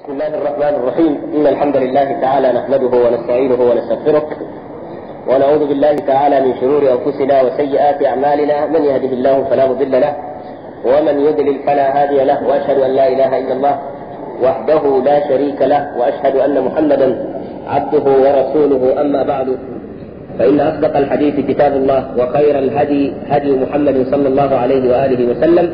بسم الله الرحمن الرحيم إن الحمد لله تعالى نحمده ونستعينه ونستغفره ونعوذ بالله تعالى من شرور أنفسنا وسيئات أعمالنا من يهده الله فلا مضل له ومن يضلل فلا هادي له وأشهد أن لا إله إلا الله وحده لا شريك له وأشهد أن محمدا عبده ورسوله أما بعد فإن أصدق الحديث كتاب الله وخير الهدي هدي محمد صلى الله عليه وآله وسلم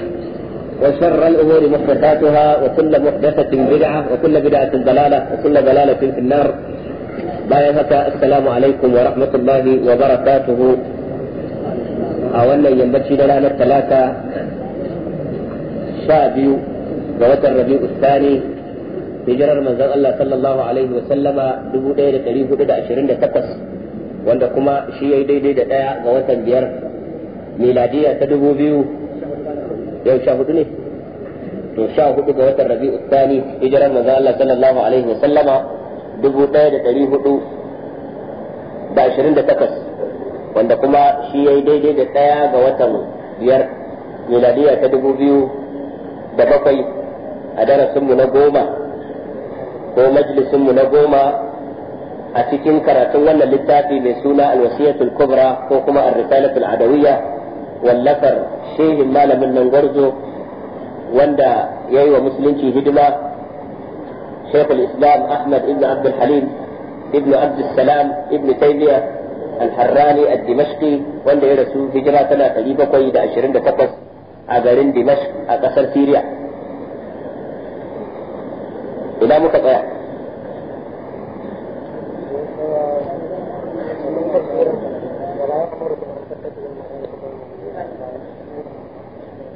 وشر الأمور محدثاتها وكل محدثة بدعة وكل بدعة ضلالة وكل ضلالة في النار بايعك السلام عليكم ورحمة الله وبركاته أولا ينبغي لنا الثلاثة شابي ووتر الربيع الثاني hijirar manzon Allah sallallahu alaihi wa sallama 1428 wanda kuma shi yayi daidai da daya ga watan biyar miladiya ta 2000 yau sha hudu ne to sha hudu ga watan rabi'u tsani hijiran manzo Allah sallallahu alaihi wa sallama dubu ɗaya da ɗari hudu da ashirin da takas wanda kuma shi ya yi daidai da ɗaya ga watan biyar miladiya ta dubu biyu da bakwai a darasinmu na goma ko majalisinmu na goma a cikin karatun wannan littafi mai suna alwasiyatul kubra ko kuma ar-risalatul adawiyya wallafar shehin malamin nan gwarzo wanda ya yi wa musulunci hidima شيخ islam أحمد ibn abdul halim ibn abdul salam ibn تيمية الحراني الدمشقي wanda ya rasu hijira tana ɗari bakwai da ashirin da takwas a garin Dimashq a ƙasar Siriya. Ina muka tsaya?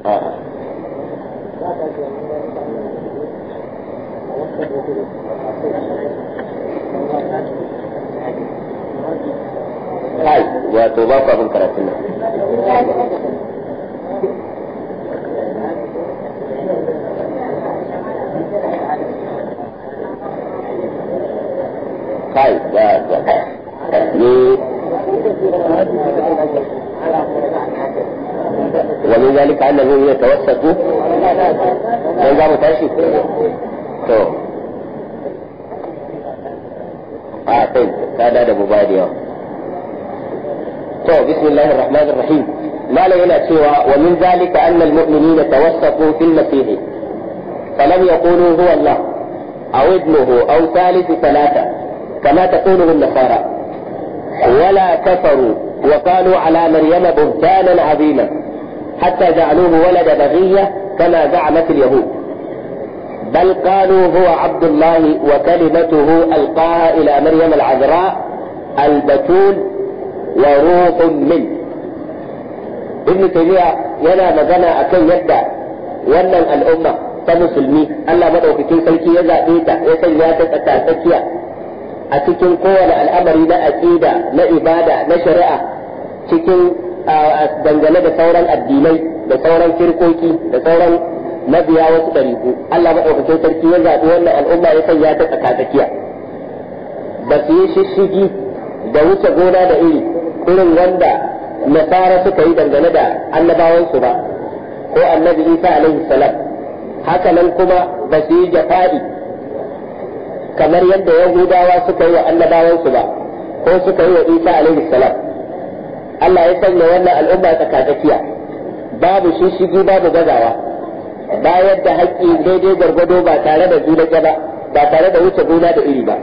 kai wato ba ku abin karatun nan kai ba ni ومن ذلك أنه يتوسط من دار تاشف تو آتد آه، كذا طيب. دب بادية تو بسم الله الرحمن الرحيم ما لا هنا سوى ومن ذلك أن المؤمنين توسطوا في المسيح فلم يقولوا هو الله أو ابنه أو ثالث ثلاثة كما تقوله النصارى ولا كفروا وقالوا على مريم بهتانا عظيما حتى جعلوه ولد بغية كما زعمت اليهود بل قالوا هو عبد الله وكلمته ألقاها إلى مريم العذراء البتول وروح منه ابن تيمية ينا مزنا أكي يدى ونن الأمة تمسلمي ألا مدعو في كل سيكي يزا إيتا يسن ياتت أتاسكيا أتكين قوة الأمر لا أكيدا لا إبادة لا شريعة dangane da sauran addinai da sauran kirkoki da sauran mabiya wasu ɗariku Allah maɗaukakin sarki ya zaɓi wannan al'umma ya sanya ta tsakatsakiya ba su yi shishigi da wuce gona da iri irin wanda nasara suka yi dangane da annabawansu ba ko annabi isa alaihi salam haka nan kuma ba su yi jafa'i kamar yadda yahudawa suka yi wa annabawansu ba ko suka yi wa isa alaihi salam Allah ya sanya wannan al'umma tsakatsakiya babu shishigi babu gazawa bayar da haƙƙi daidai gargado ba tare da zulake ba ba tare da wuce gona da iri ba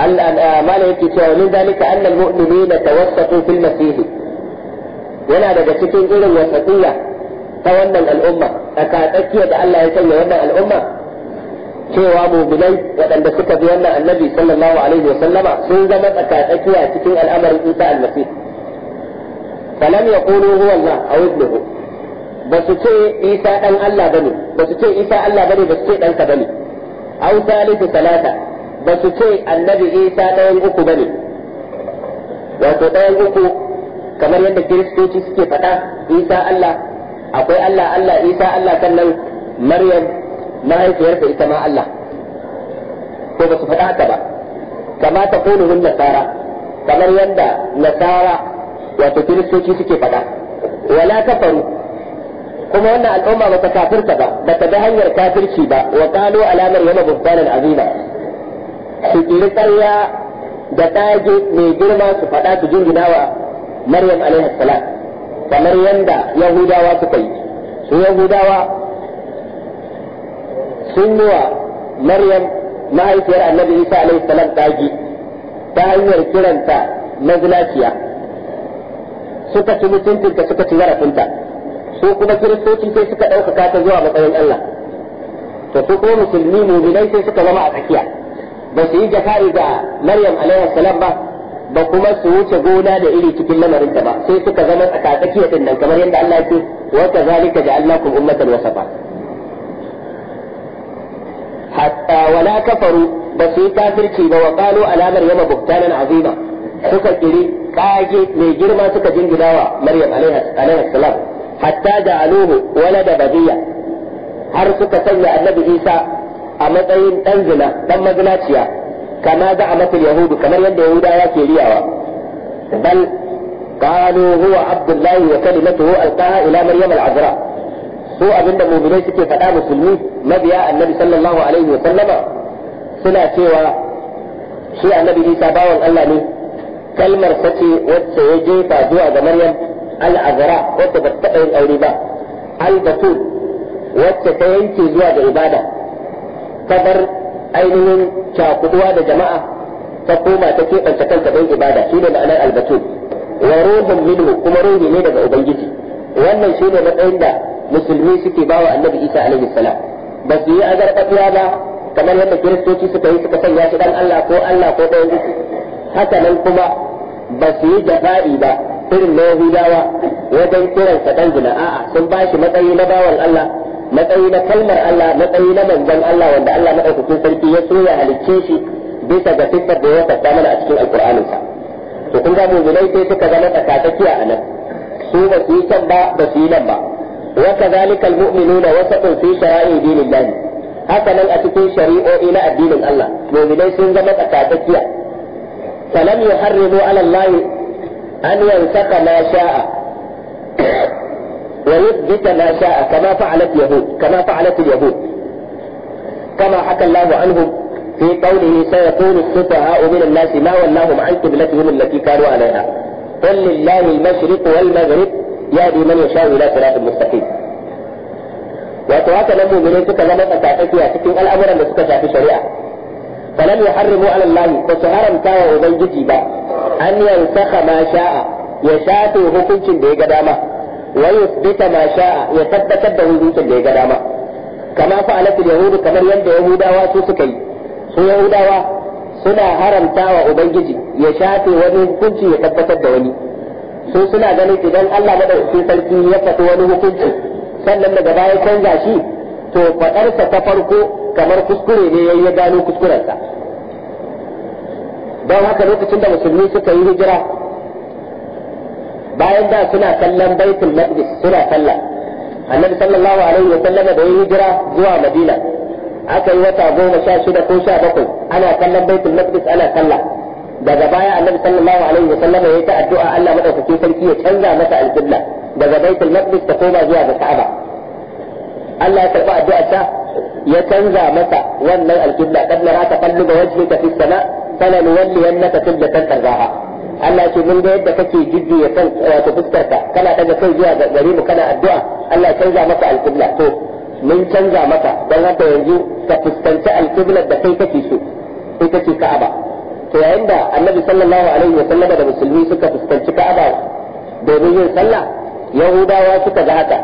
ya ah, yake cewa min zalika anna almu'minina tawassatu fil masih yana daga cikin irin wasatiyya ta wannan al'umma tsakatsakiya da Allah ya sanya wannan al'umma cewa mu'minai waɗanda suka bi wannan annabi sallallahu alaihi wa sallama sun zama tsakatsakiya cikin al'amarin Isa almasih falam yaqulu huwa Allah aw ibnuhu ba su ce Isa dan Allah bane ba su ce Isa Allah bane ba su ce dan sa bane aw salisu talata ba su ce annabi Isa ɗayan uku bane wato ɗayan uku kamar yadda kiristoci suke faɗa Isa Allah akwai Allah Allah Isa Allah sannan Maryam mahaifiyarsa ita ma Allah ko ba su faɗa haka ba kama ta nasara kamar yadda nasara wato kiristoci suke faɗa wala kafaru kuma wannan al'umma ba ta kafirta ba ba ta bi hanyar kafirci ba wa kalo alamar yana bubbanan azima su kiri da ɗage mai girma su faɗa su jingina wa maryam alaihi kamar yanda yahudawa suka yi su yahudawa sun yi wa maryam mahaifiyar annabi isa alaihi salam ɗage ta hanyar kiranta mazinaciya suka ci mutuncinta suka ci zarafinta su kuma kiristoci sai suka ɗaukaka ta zuwa matsayin Allah to su kuma musulmi mu'minai sai suka zama a tsakiya ba su yi jafari ga Maryam alaihi salam ba ba kuma su wuce gona da iri cikin lamarinta ba sai suka zama a tsakiya din nan kamar yadda Allah ya ce wa kazalika ja'alnakum ummatan wasafa hatta wala kafaru ba su yi kafirci ba wa qalu ala maryama buhtanan azima suka kiri kage mai girma suka jingirawa Maryam alaiha salam hatta ja'aluhu walada badiya har suka sanya Annabi Isa a matsayin dan zina dan mazinaciya kama da a matul yahudu kamar yadda yahudawa ke riyawa bal qalu huwa abdullahi wa kalimatuhu alqaha ila maryam al-azra su abinda mu'minai suke faɗa musulmi mabiya annabi sallallahu alaihi wa sallama suna cewa shi annabi Isa bawan Allah ne kalmar sace wacce ya jefa zuwa ga maryam al-azra wacce ba ta yin aure ba al-batul wacce ta yanke zuwa ga ibada ta bar ainihin cakuduwa da jama'a ta koma ta keɓance kanta don ibada shi ne ma'anar al-batul wa ruhun minhu kuma ruhi ne daga ubangiji wannan shi ne matsayin da musulmi suke bawa annabi isa alaihi salam ba su yi azarfafiya ba kamar yadda kiristoci suka yi suka sanya shi dan Allah ko Allah ko ɗayan haka nan kuma ba su yi jafa'i ba irin na yahudawa wajen kiran sa dan a'a sun ba shi matsayi na bawan Allah matsayi na kalmar Allah matsayi na manzon Allah wanda Allah madaukakin sarki ya so ya halicce shi bisa ga siffar da ya faɗa mana a cikin alƙur'anin sa to kun ga mu'minai sai suka zama tsakatakiya a nan su ba su yi can ba ba su yi nan ba وكذلك المؤمنون وسط في شرائع دين الله haka nan a cikin shari'o'i na addinin Allah mu'minai sun zama tsakatakiya. فلم يحرموا على الله أن ينسق ما شاء ويثبت ما شاء كما فعلت يهود كما فعلت اليهود كما حكى الله عنهم في قوله سيكون السفهاء من الناس ما ولاهم عن قبلتهم التي كانوا عليها قل لله المشرق والمغرب يهدي من يشاء الى صراط مستقيم wato haka nan mummunai suka zama tsakatsaki a cikin al'amuran da suka shafi shari'a falam yuharrimu ala Allah ba su haramta wa ubangiji ba an yansakha ma sha'a ya shafe hukuncin da ya ga dama wa yuthbita ma sha'a ya tabbatar hukuncin da ya ga dama kama fa'alatul yahudu kamar yadda yahudawa su suka yi su yahudawa suna haramta wa ubangiji ya shafe wani ya tabbatar da wani su suna ganin idan Allah madaukakin sarki ya faɗi wani hukunci sannan daga baya canza shi to faɗarsa ta farko kamar kuskure ne yayi ya gano kuskurensa don haka lokacin da musulmi suka yi hijira bayan da suna kallon baitul maqdis suna sallah annabi sallallahu alaihi wa sallam da yayi hijira zuwa madina aka yi wata goma sha shida ko sha bakwai ana kallon baitul maqdis ana sallah daga baya annabi sallallahu alaihi wa sallam yi ta addu'a Allah madaukakin sarki ya canza masa alqibla daga baitul maqdis ta koma zuwa ga ka'aba Allah ya karba addu'a ta ya canza masa wannan alƙibla qad nara taqalluba wajhika fis sama falanuwalliyannaka qiblatan tarzaha Allah ce mun ga yadda kake ya san wato fuskarka kana daga kai zuwa ga gari mu kana addu'a Allah ya canza maka alƙibla to mun canza maka dan haka yanzu ka fuskanci alƙiblar da kai kake so Ka'aba to yayin da Annabi sallallahu alaihi wa sallama da musulmi suka fuskanci Ka'aba domin yin sallah Yahudawa suka ga haka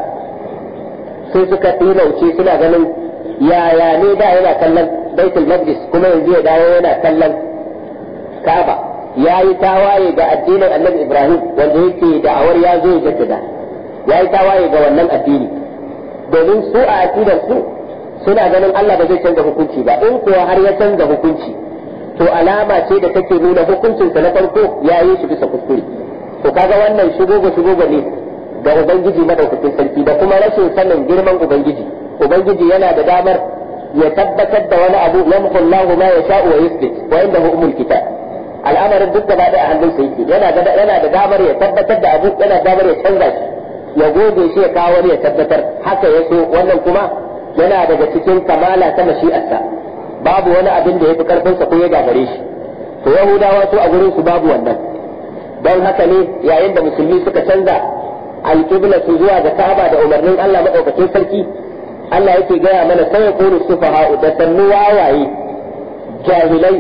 sai suka tilauce suna ganin yaya ne da yana kallon baitul maqdis kuma yanzu ya dawo yana kallon kaba yayi yi tawaye ga addinin annabi ibrahim wanda yake da'awar ya zo ya da ya tawaye ga wannan addini domin su a aqidar su suna ganin Allah ba zai canza hukunci ba in kuwa har ya canza hukunci to alama ce da take nuna hukuncinsa na farko ya yi shi bisa kuskure to kaga wannan shugogo shugogo ne ga ubangiji madaukakin sarki da kuma rashin sanin girman ubangiji ubangiji yana da damar ya tabbatar da wani abu ya Allahu ma yasha'u wa yuthbit wa indahu umul kitab al'amarin duk gaba da hannun sa yake yana da yana da damar ya tabbatar da abu yana da damar ya canza shi ya goge shi ya kawo wani ya tabbatar haka yaso wannan kuma yana daga cikin kamala ta mashi'arsa babu wani abin da ya karfin sa ko ya gagare shi to yahudawa su a gurin su babu wannan don haka ne yayin da musulmi suka canza alƙibla su zuwa ga Ka'aba da umarnin Allah madaukakin sarki Allah yake gaya mana sai ya kuru sufaha da sannu wawaye jahilai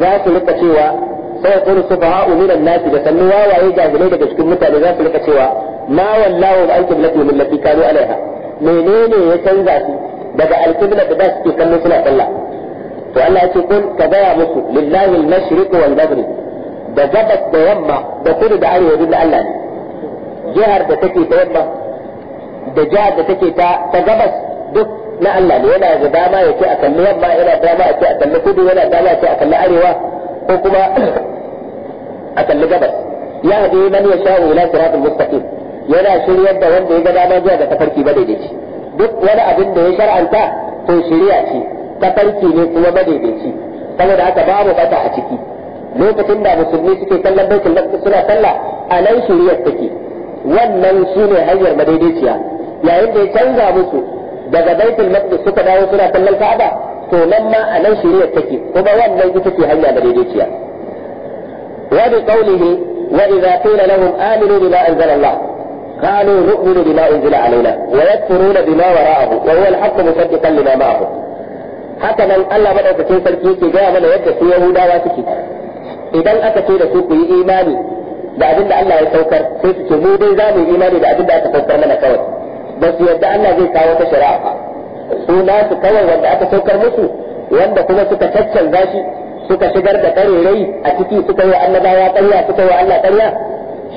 za su rika cewa sai ya kuru sufaha minan nasi da sannu wawaye jahilai daga cikin mutane za su rika cewa ma wallahu an qiblati millati kanu alaiha menene ya canza su daga alqibla da suke kallo suna sallah to Allah yake kun ka gaya musu lillahi al-mashriq wal maghrib da gabas da yamma da kudu da arewa duk Allah ne jihar da take ta yamma da jihar da take ta gabas duk na Allah ne yana da dama ya ce a kalli yamma yana dama ya ce a kalli kudu yana dama ya ce a kalli arewa ko kuma a kalli gabas ya hadi man ya sha'u ila siratul mustaqim yana shiryar da wanda ya ga dama zuwa ga tafarki madaidaici duk wani abin da ya shar'anta to shiriya ce tafarki ne kuma madaidaici saboda haka babu bata a ciki lokacin da musulmi suke kallon baitul maqdis suna sallah a nan shiriyar take wannan shine hanyar madaidaiciya yayin da ya canza musu daga baitul maqdis suka dawo suna kallon ka'aba to nan ma a nan shiriyar take kuma wannan ita ce hanya da daidaiciya wa bi qawlihi wa idza qila lahum aminu bima anzala Allah qalu nu'minu bima unzila نؤمن wa yakfuruna bima wara'ahu wa huwa al-haqq مصدقا lima ma'ahu haka nan Allah madaukakin sarki yake gaya mana yadda su Yahudawa suke idan aka ce da su ku yi imani da abin da Allah ya saukar sai su ce mu dai za mu yi imani da abin da aka saukar mana kawai ba su yadda Allah zai kawo ta shari'a ba su nasu kawai wanda aka saukar musu wanda kuma suka caccanza shi suka shigar da rai a ciki suka yi annabawa ƙarya suka yi Allah ƙarya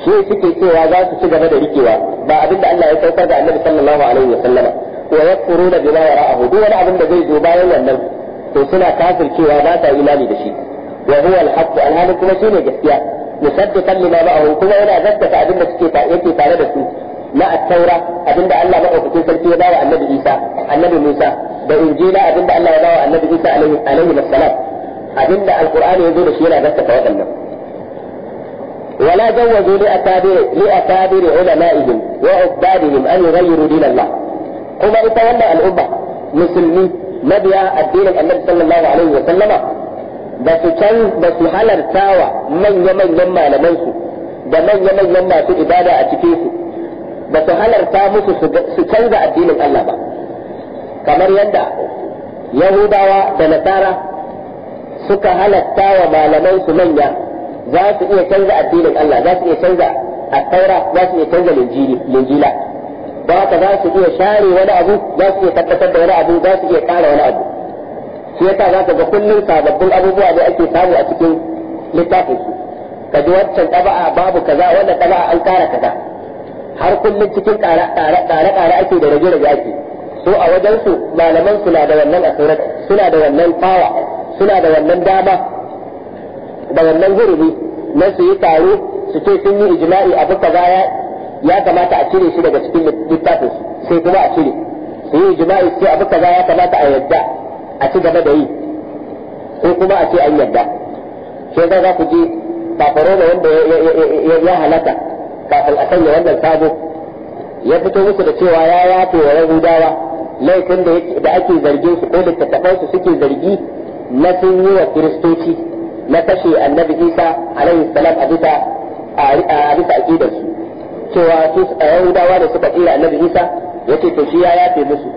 shi suke cewa za su ci gaba da rikewa ba abin da Allah ya saukar da Annabi sallallahu alaihi wa sallama wa yakfuruna bima yara'ahu duk wani abin da zai zo bayan wannan to suna cewa ba ta imani da shi wa huwa al-haqq al-hali kuma shine gaskiya musaddiqan lima ba'ahu kuma yana gaskata abin da suke yake tare da su لا التوراة أبدا الله بقى في تلك الفيضاء النبي إيسا النبي موسى بإنجيل أبدا الله بقى النبي إيسا عليه السلام الصلاة أبدا القرآن يزول شيئا بس فوقنا ولا جوزوا لأكابر لأكابر علمائهم وعبادهم أن يغيروا دين الله هما يتولى الأمة مسلمي نبي الدين النبي صلى الله عليه وسلم بس كان بس حلر تاوى من يمن يما لمنسو ده من يمن يما في إبادة أتكيسو ba su halarta musu su canza addinin Allah ba kamar yadda yahudawa da nasara suka halatta wa malaman su manya za su iya canza addinin Allah za su iya canza attaura za su iya canza linjila ba ka za su iya share wani abu za su iya tabbatar da wani abu za su iya kara wani abu shi yasa za ka ga kullum sababbin abubuwa ne ake samu a cikin littafin su ka ji wancan taba'a babu kaza wannan taba'a an kara kaza har kullum cikin ƙare-ƙare ake da rage-rage ake so a wajensu malaman suna da wannan asirat suna da wannan fawa suna da wannan dama da wannan gurbi na su yi taro su ce sun yi ijma'i abu baya ya kamata a cire shi daga cikin littafin sai kuma a cire su yi ijma'i sai abu kaza ya kamata a yadda a ci gaba da yi ko kuma a ce an yadda sai za ku ji ba wanda ya halaka kafin a sanya wannan sabo ya fito musu da cewa ya yafe wa yahudawa laifin da ake zargin su ko littattafan su suke zargi na sun yi wa kiristoci na kashe annabi isa alaihi salam a bisa a bisa aqidar su cewa su yahudawa da suka tsira annabi isa yace to shi ya yafe musu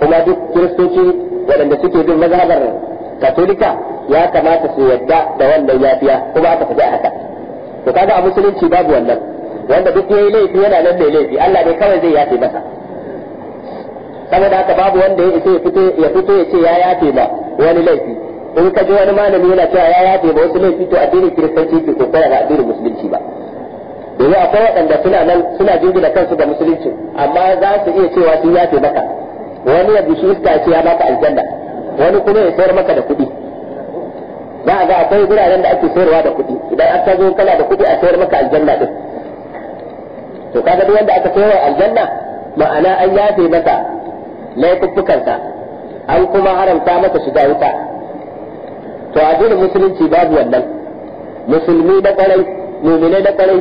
kuma duk kiristoci waɗanda suke bin mazhabar katolika ya kamata su yadda da wannan yafiya kuma aka faɗi haka to kaga a musulunci babu wannan wanda duk yayi laifi yana nan mai laifi Allah ne kawai zai yafe masa saboda haka babu wanda ya ya fito ya fito ya ce ya yafe ma wani laifi in ka ji wani malami yana cewa ya yafe ma wasu laifi to addinin kiristanci ke kokara ga addinin musulunci ba domin akwai waɗanda suna nan suna jingina kansu da musulunci amma za su iya cewa sun yafe maka wani ya bishi iska ce ya baka aljanna wani kuma ya sayar maka da kuɗi za a ga akwai guraren da ake sayarwa da kuɗi idan an zo kana da kuɗi a sayar maka aljanna din to kaga duk wanda aka koyar aljanna ma'ana an yafe masa laifuffukansa an kuma haramta masa shiga wuta to a addinin musulunci babu wannan musulmi da kwarai mu'minai da kwarai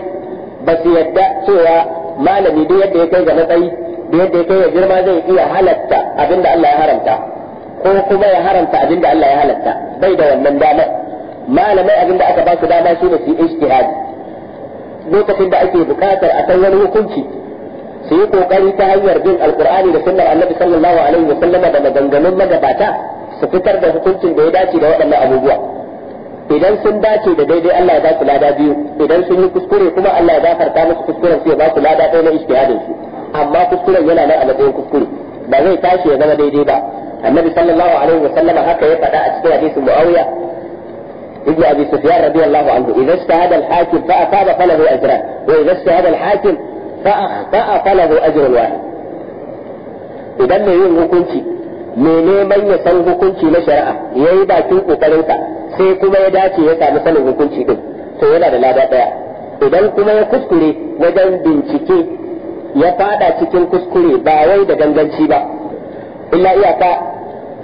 ba su yadda cewa malami duk yadda ya kai ga matsayi duk yadda ya kai ga girma zai iya halatta da Allah ya haramta ko kuma ya haramta da Allah ya halatta bai da wannan dama malamai abin da aka ba su dama shi su yi ijtihadi lokacin da ake bukatar a san wani hukunci su yi kokari ta hanyar bin alkur'ani da sunnar annabi sallallahu alaihi wa da maganganun magabata su fitar da hukuncin da ya dace da waɗannan abubuwa idan sun dace da daidai Allah ya ba su lada biyu idan sun yi kuskure kuma Allah ya gafarta musu kuskuren su ya ba su lada ɗaya na ijtihadin su amma kuskuren yana nan a matsayin kuskure ba zai tashi ya zama daidai ba annabi sallallahu alaihi wa haka ya faɗa a cikin hadisin muawiya ابن ابي سفيان رضي الله عنه اذا اجتهد الحاكم فاصاب فله اجران واذا اجتهد الحاكم فاخطا فله اجر واحد idan mai yin hukunci mai neman ya san hukunci na shari'a ya yi bakin kokarinsa sai kuma ya dace ya sami sanin hukunci din to yana da lada daya idan kuma ya kuskure wajen bincike ya fada cikin kuskure ba wai da ganganci ba illa iyaka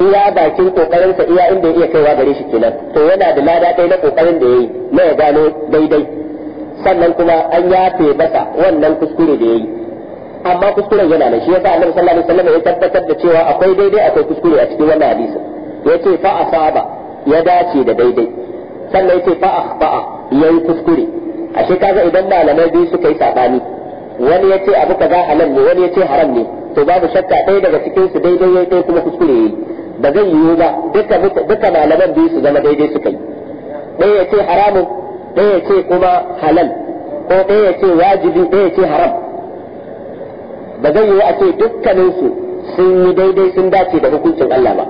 iya bakin kokarin sa iya inda ya iya kaiwa gare shi kenan to yana da lada dai na kokarin da yayi na ya gano daidai sannan kuma an yafe masa wannan kuskure da yayi amma kuskuren yana nan shi yasa Annabi sallallahu alaihi wasallam ya tabbatar da cewa akwai daidai akwai kuskure a cikin wannan hadisi yace fa asaba ya dace da daidai sannan yace fa akhta'a yayi kuskure ashe kaga idan malamai biyu suka yi sabani wani yace abu kaza halal ne wani yace haram ne to babu shakka ɗaya daga cikin su daidai yayi ɗaya kuma kuskure yayi ba zai yiwu ba duka duka malaman biyu su zama daidai suka yi ɗaya ya ce haramun ɗaya ya ce kuma halal ko ɗaya ya ce wajibi ɗaya ya ce haram ba zai yiwu a ce dukkaninsu sun yi daidai sun dace da hukuncin Allah ba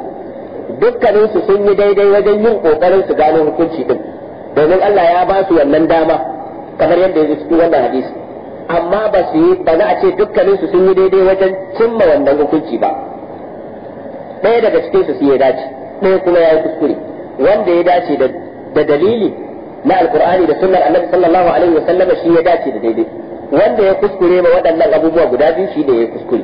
dukkaninsu sun yi daidai wajen yin kokarin su gano hukunci din domin Allah ya ba su wannan dama kamar yadda ya cikin wannan hadisi amma ba su yi ba na a ce dukkaninsu sun yi daidai wajen cimma wannan hukunci ba ɗaya daga cikin su ya dace ɗaya kuma ya yi kuskure wanda ya dace da dalili na alkur'ani da sunnar annabi sallallahu alaihi wasallam shi ya dace da daidai wanda ya kuskure ma waɗannan abubuwa guda biyu shi ne ya kuskure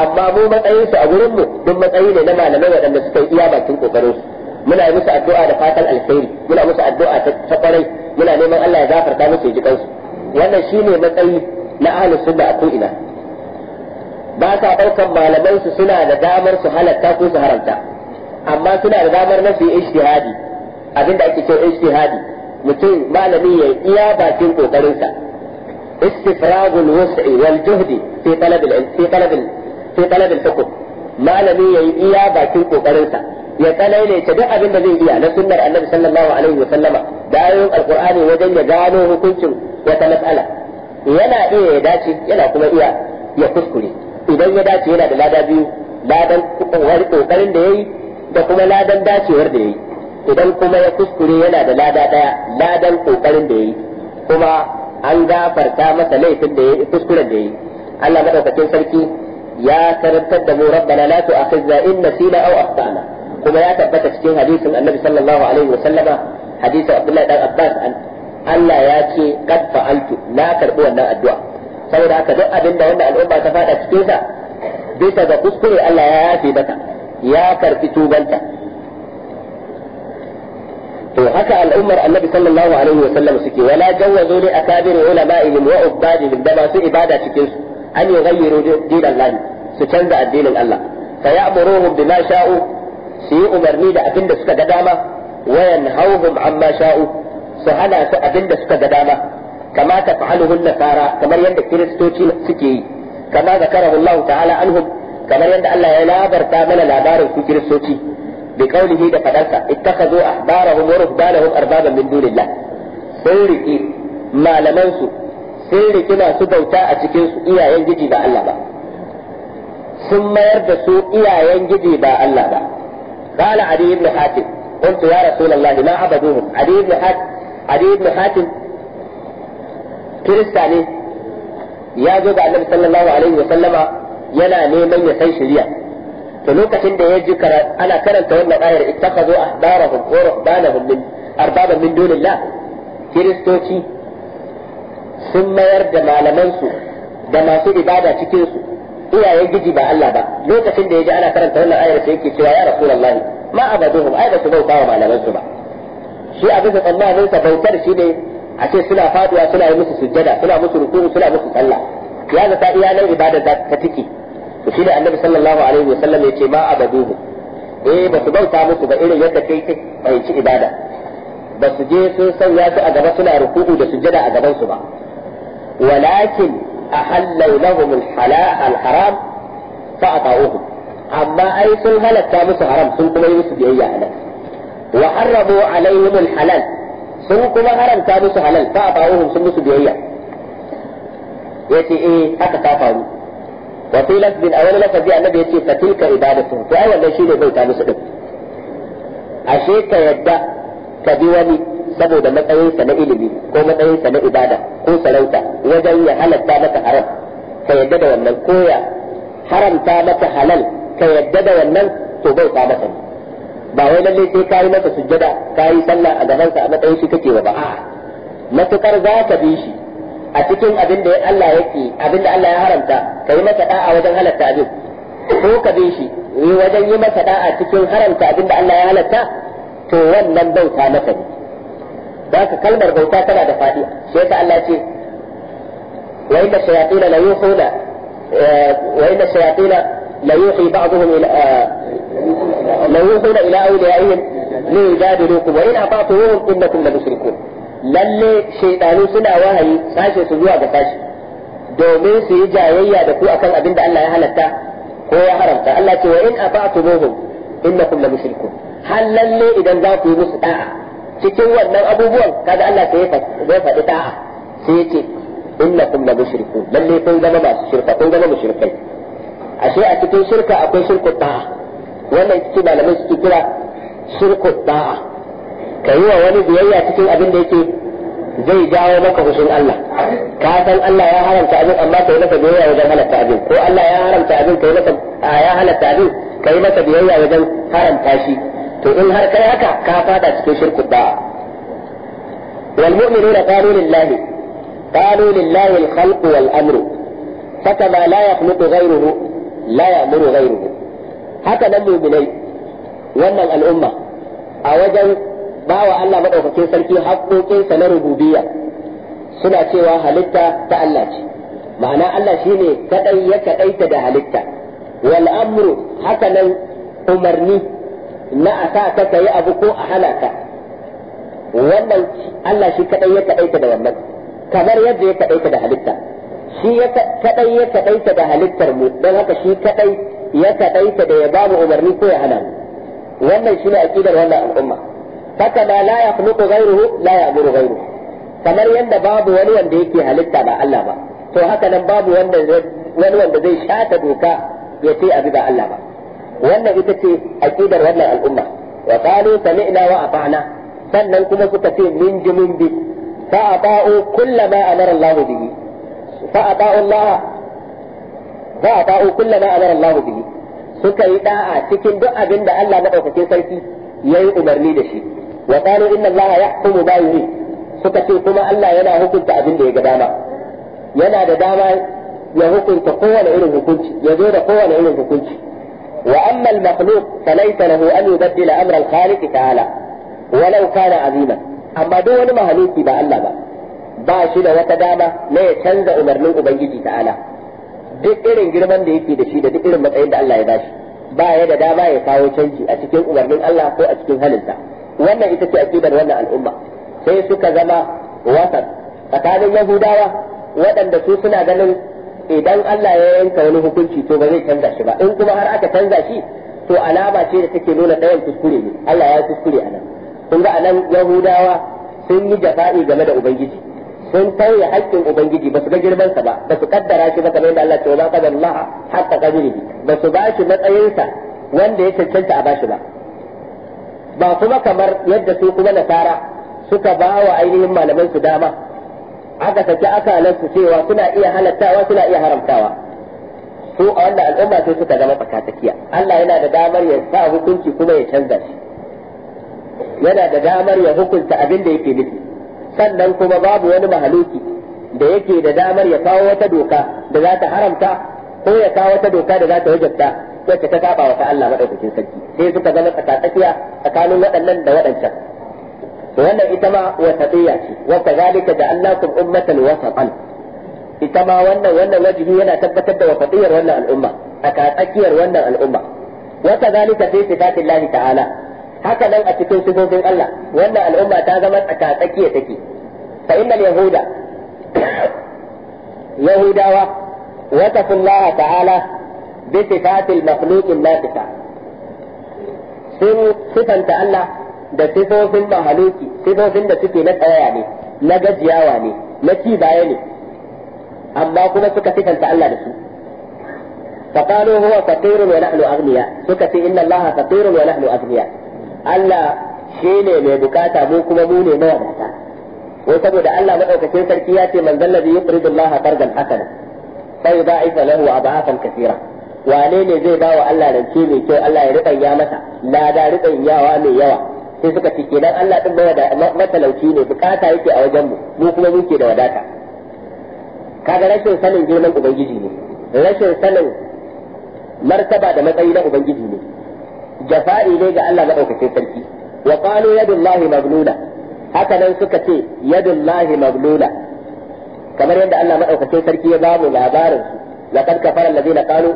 amma mu matsayin su a gurin mu duk matsayi ne na malamai waɗanda suka yi iya bakin kokarin su muna yi musu addu'a da fatan alheri muna musu addu'a ta kwarai muna neman Allah ya gafarta musu ya ji kansu wannan shine matsayi na ahlus sunna a ko ina ba sa ɗaukan malaman su suna da damar su halatta ko su haramta amma suna da damar na su ijtihadi abinda ake cewa ijtihadi mutum malami ya iya bakin kokarinsa istifragul wus'i wal juhdi fi talab al fi talab fi talab al fiqh malami ya iya bakin kokarinsa ya ta duk abinda da zai iya na sunnar annabi sallallahu alaihi wa sallama da ayoyin alqur'ani wajen ya gano hukuncin wata mas'ala yana iya ya dace yana kuma iya ya kuskure idan ya dace yana da lada biyu ladan kokarin da yayi da kuma ladan dacewar da yayi idan kuma ya kuskure yana da lada daya ladan kokarin da yayi kuma an gafarta masa laifin da yayi kuskuren da yayi Allah madaukakin sarki ya karantar da mu rabbana la tu'akhidna in nasina aw akhtana kuma ya tabbata cikin hadisin Annabi sallallahu alaihi wa sallama hadisin Abdullah dan Abbas Allah ya ce qad fa'altu na karbi wannan addu'a saboda haka duk abin da wanda al'umma ta fada cikin sa bisa ga kuskure Allah ya yafe mata ya karfi tubanta to haka al'ummar annabi sallallahu alaihi wa sallam suke wala jawazu li akabir ulama'ihim wa ubadihim masu ibada cikin su an yughayyiru dinallahi su canza addinin Allah fa ya'muruhum bima sha'u su yi umarni da abin da suka ga dama wayan hauhum amma sha'u su hana su abin da suka ga dama kama ta fa'aluhun nasara kamar yadda kiristoci suke yi kama zakarahu Allah ta'ala anhum kamar yadda Allah ya labarta mana labarin su kiristoci bi qaulihi da fadarsa ittakhadhu ahbarahum wa ruhbanahum arbaban min dunillah sun riƙi malaman su sun riƙi masu bauta a cikin su iyayen giji Allah ba sun mayar da su iyayen giji Allah ba قال علي بن حاتم قلت يا رسول الله ما عبدوهم علي بن حاتم علي بن حاتم kirista ne ya zo ga annabi sallallahu alaihi wa sallama yana neman ya san shari'a to lokacin da ya ji ana karanta wannan ayar ittakhadhu ahbarahum wa ruhbanahum min arbaban min dunillah kiristoci sun mayar da malamansu da masu ibada cikin su iyaye giji ba Allah ba lokacin da ya ji ana karanta wannan ayar sai yake cewa ya rasulullahi ma abaduhum ai ba su bauta wa malamansu ba shi abin da tsammanin sa bautar shi ne a ce suna faduwa suna yi musu sujjada suna musu ruku'u suna musu sallah ya ta iya nan ibada da ta tiki to shine annabi sallallahu alaihi wasallam ya ce ma abaduhu eh ba su bauta musu ba irin yadda kai kai ci ibada ba su je sun sanya su a gaba suna ruku'u da sujjada a gaban su ba walakin ahallu lahum al haram fa ata'uhum amma ai sun halatta musu haram sun kuma yi musu biyayya a nan wa harrabu alaihim al halal sun kuma haramta musu halal fa ata'uhum sun musu biyayya yace eh haka ta faru wa fi lafzin a wani lafazi annabi yace fa tilka ibadatu to ai wannan shine bauta musu din ashe ka yadda ka bi wani saboda matsayinsa na ilimi ko matsayinsa na ibada ko sarauta wajen ya halatta maka haram ka yadda da wannan ko ya haramta maka halal ka yadda da wannan to bauta masa ne ba wai lalle sai ka yi masa sujjada ka yi sallah a gaban sa a matsayin shi kake ba matukar za ka bi shi a cikin abin da Allah yake abin da Allah ya haramta ka yi masa da'a wajen halatta abin ko ka bi shi wajen yi masa da'a cikin haramta abin da Allah ya halatta to wannan bauta masa ne da ka kalmar bauta tana da fadi shi yasa Allah ce wa inna shayatin la yuhuna eh, wa inna shayatin la yuhi ba'dhum ila eh, لو يوحون إلى أوليائهم ليجادلوكم وإن أطعتموهم إنكم لمشركون lalle shaidanu suna wahayi sashe su zuwa ga sashi domin su yi jayayya da ku akan abin da Allah ya halatta ko ya haramta Allah ce wa in ata'tumuhum innakum la mushrikun hal lalle idan za ku yi musu da'a cikin wannan abubuwan kaga Allah sai ya faɗi da'a sai ce innakum la mushrikun lalle kun zama masu shirka kun zama mushrikai ashe a cikin shirka akwai shirku da'a wannan ita ce malamai suke kira shirku da'a ka yi wa wani biyayya cikin abin da yake zai jawo maka hushin Allah ka san Allah ya haramta abin amma kai masa biyayya wajen halatta abin ko Allah ya haramta abin kai masa ya halatta abin kai masa biyayya wajen haramta shi to in har kai haka ka fada cikin shirku da'a wal mu'minuna qalu lillahi qalu lillahi al-khalqu wal amru فكما لا يخلق غيره لا يأمر غيره haka nan mu'minai wannan al'umma a wajen bawa Allah madaukakin sarki haƙoƙinsa na rububiya suna cewa halitta ta Allah ce ma'ana Allah shi ne kadai ya kadaita da halitta wal amru haka nan umarni na a sa ka kai abu ko a hana ka wannan Allah shi kadai ya kadaita da wannan kamar yadda ya kadaita da halitta shi ya kadai ya kadaita da halittar mu don haka shi kadai ya kaɗaita da ya babu umarni ko ya hana wannan shine aƙidar wannan al'umma haka da la yakhluqu ghayruhu la ya'muru ghayruhu kamar yadda babu wani wanda yake halitta ba Allah ba to haka nan babu wanda wani wanda zai shata doka ya ce abi ba Allah ba wannan ita ce aƙidar wannan al'umma wa qalu sami'na wa ata'na sannan kuma suka ce min jimin bi fa ata'u kullama amara Allah bihi fa ata'u Allah ba a ta'u kulla ma amara Allah bihi suka yi da'a cikin duk abin da Allah madaukakin sarki yayi umarni da shi wa qalu inna Allah yahkumu ma yuri suka ce kuma Allah yana hukunta abin da ya ga dama yana da dama ya hukunta kowane irin hukunci ya zo da kowane irin hukunci wa amma al-makhluq falaysa lahu an yubaddila amra al-khaliq ta'ala walau kana azima amma duk wani mahaluki ba Allah ba ba shi da wata dama na ya canza umarnin ubangiji ta'ala duk irin girman da yake da shi da duk irin matsayin da Allah ya bashi ba ya da dama ya kawo canji a cikin umarnin Allah ko a cikin halinsa wannan ita ce akidar wannan al'umma sai suka zama wasan tsakanin yahudawa waɗanda su suna ganin idan Allah ya yanka wani hukunci to ba zai canza shi ba in kuma har aka canza shi to alama ce da take nuna ɗayan kuskure ne Allah ya kuskure a nan kun ga a nan yahudawa sun yi jafa'i game da ubangiji sun tauye haƙƙin ubangiji ba su ga girman sa ba ba su kaddara shi ba kamar yadda Allah ce wa qadar Allah hatta qadrihi ba su ba shi matsayin sa wanda ya cancanta a bashi ba ba kuma kamar yadda su kuma nasara suka ba wa ainihin malaman su dama aka saki akalan su cewa suna iya halattawa suna iya haramtawa su a wannan al'umma sai suka zama tsakatakiya Allah yana da damar ya sa hukunci kuma ya canza shi yana da damar ya hukunta abin da yake nufi sannan kuma babu wani mahaluki da yake da damar ya kawo wata doka da za ta haramta ko ya kawo wata doka da za ta wajabta wacce ta saba wata Allah madaukakin sarki sai suka zama tsakatsakiya tsakanin waɗannan da waɗancan wannan ita ma wasatiyya ce wa kadhalika ja'alnakum ummatan wasatan ita ma wannan wannan wajibi yana tabbatar da wasatiyyar wannan al'umma tsakatsakiyar wannan al'umma wa kadhalika fi sifatillahi ta'ala haka nan a cikin sifofin Allah wannan al'umma ta zama tsakatsakiya take fa innal yahuda yahudawa wasafu Allah ta'ala bi sifatil makhluqin naqisa sun sifanta Allah da sifofin mahaluki sifofin da suke na tsaya ne na gajiyawa ne na ci baya ne amma kuma suka sifanta Allah da su فقالوا هو فقير ونحن أغنياء سكت إن الله فقير ونحن أغنياء Allah shi ne mai bukata mu kuma mu ne mawadata ko saboda Allah madaukakin sarki ya ce man zallabi yufridu Allah qardan hasana sai da'ifa lahu abafan kathira wane ne zai bawa Allah rance mai kyau Allah ya rika ya masa lada rika yawa mai yawa sai suka ce kenan Allah din matalauci ne bukata yake a wajen mu mu kuma mu ke da wadata kaga rashin sanin girman ubangiji ne rashin sanin martaba da matsayi na ubangiji jafa'i ne ga Allah maɗaukacin sarki wa qalu yadullahi maglula haka nan suka ce yadullahi maglula kamar yadda Allah maɗaukacin sarki ya bamu labarin su laqad kafara alladhina qalu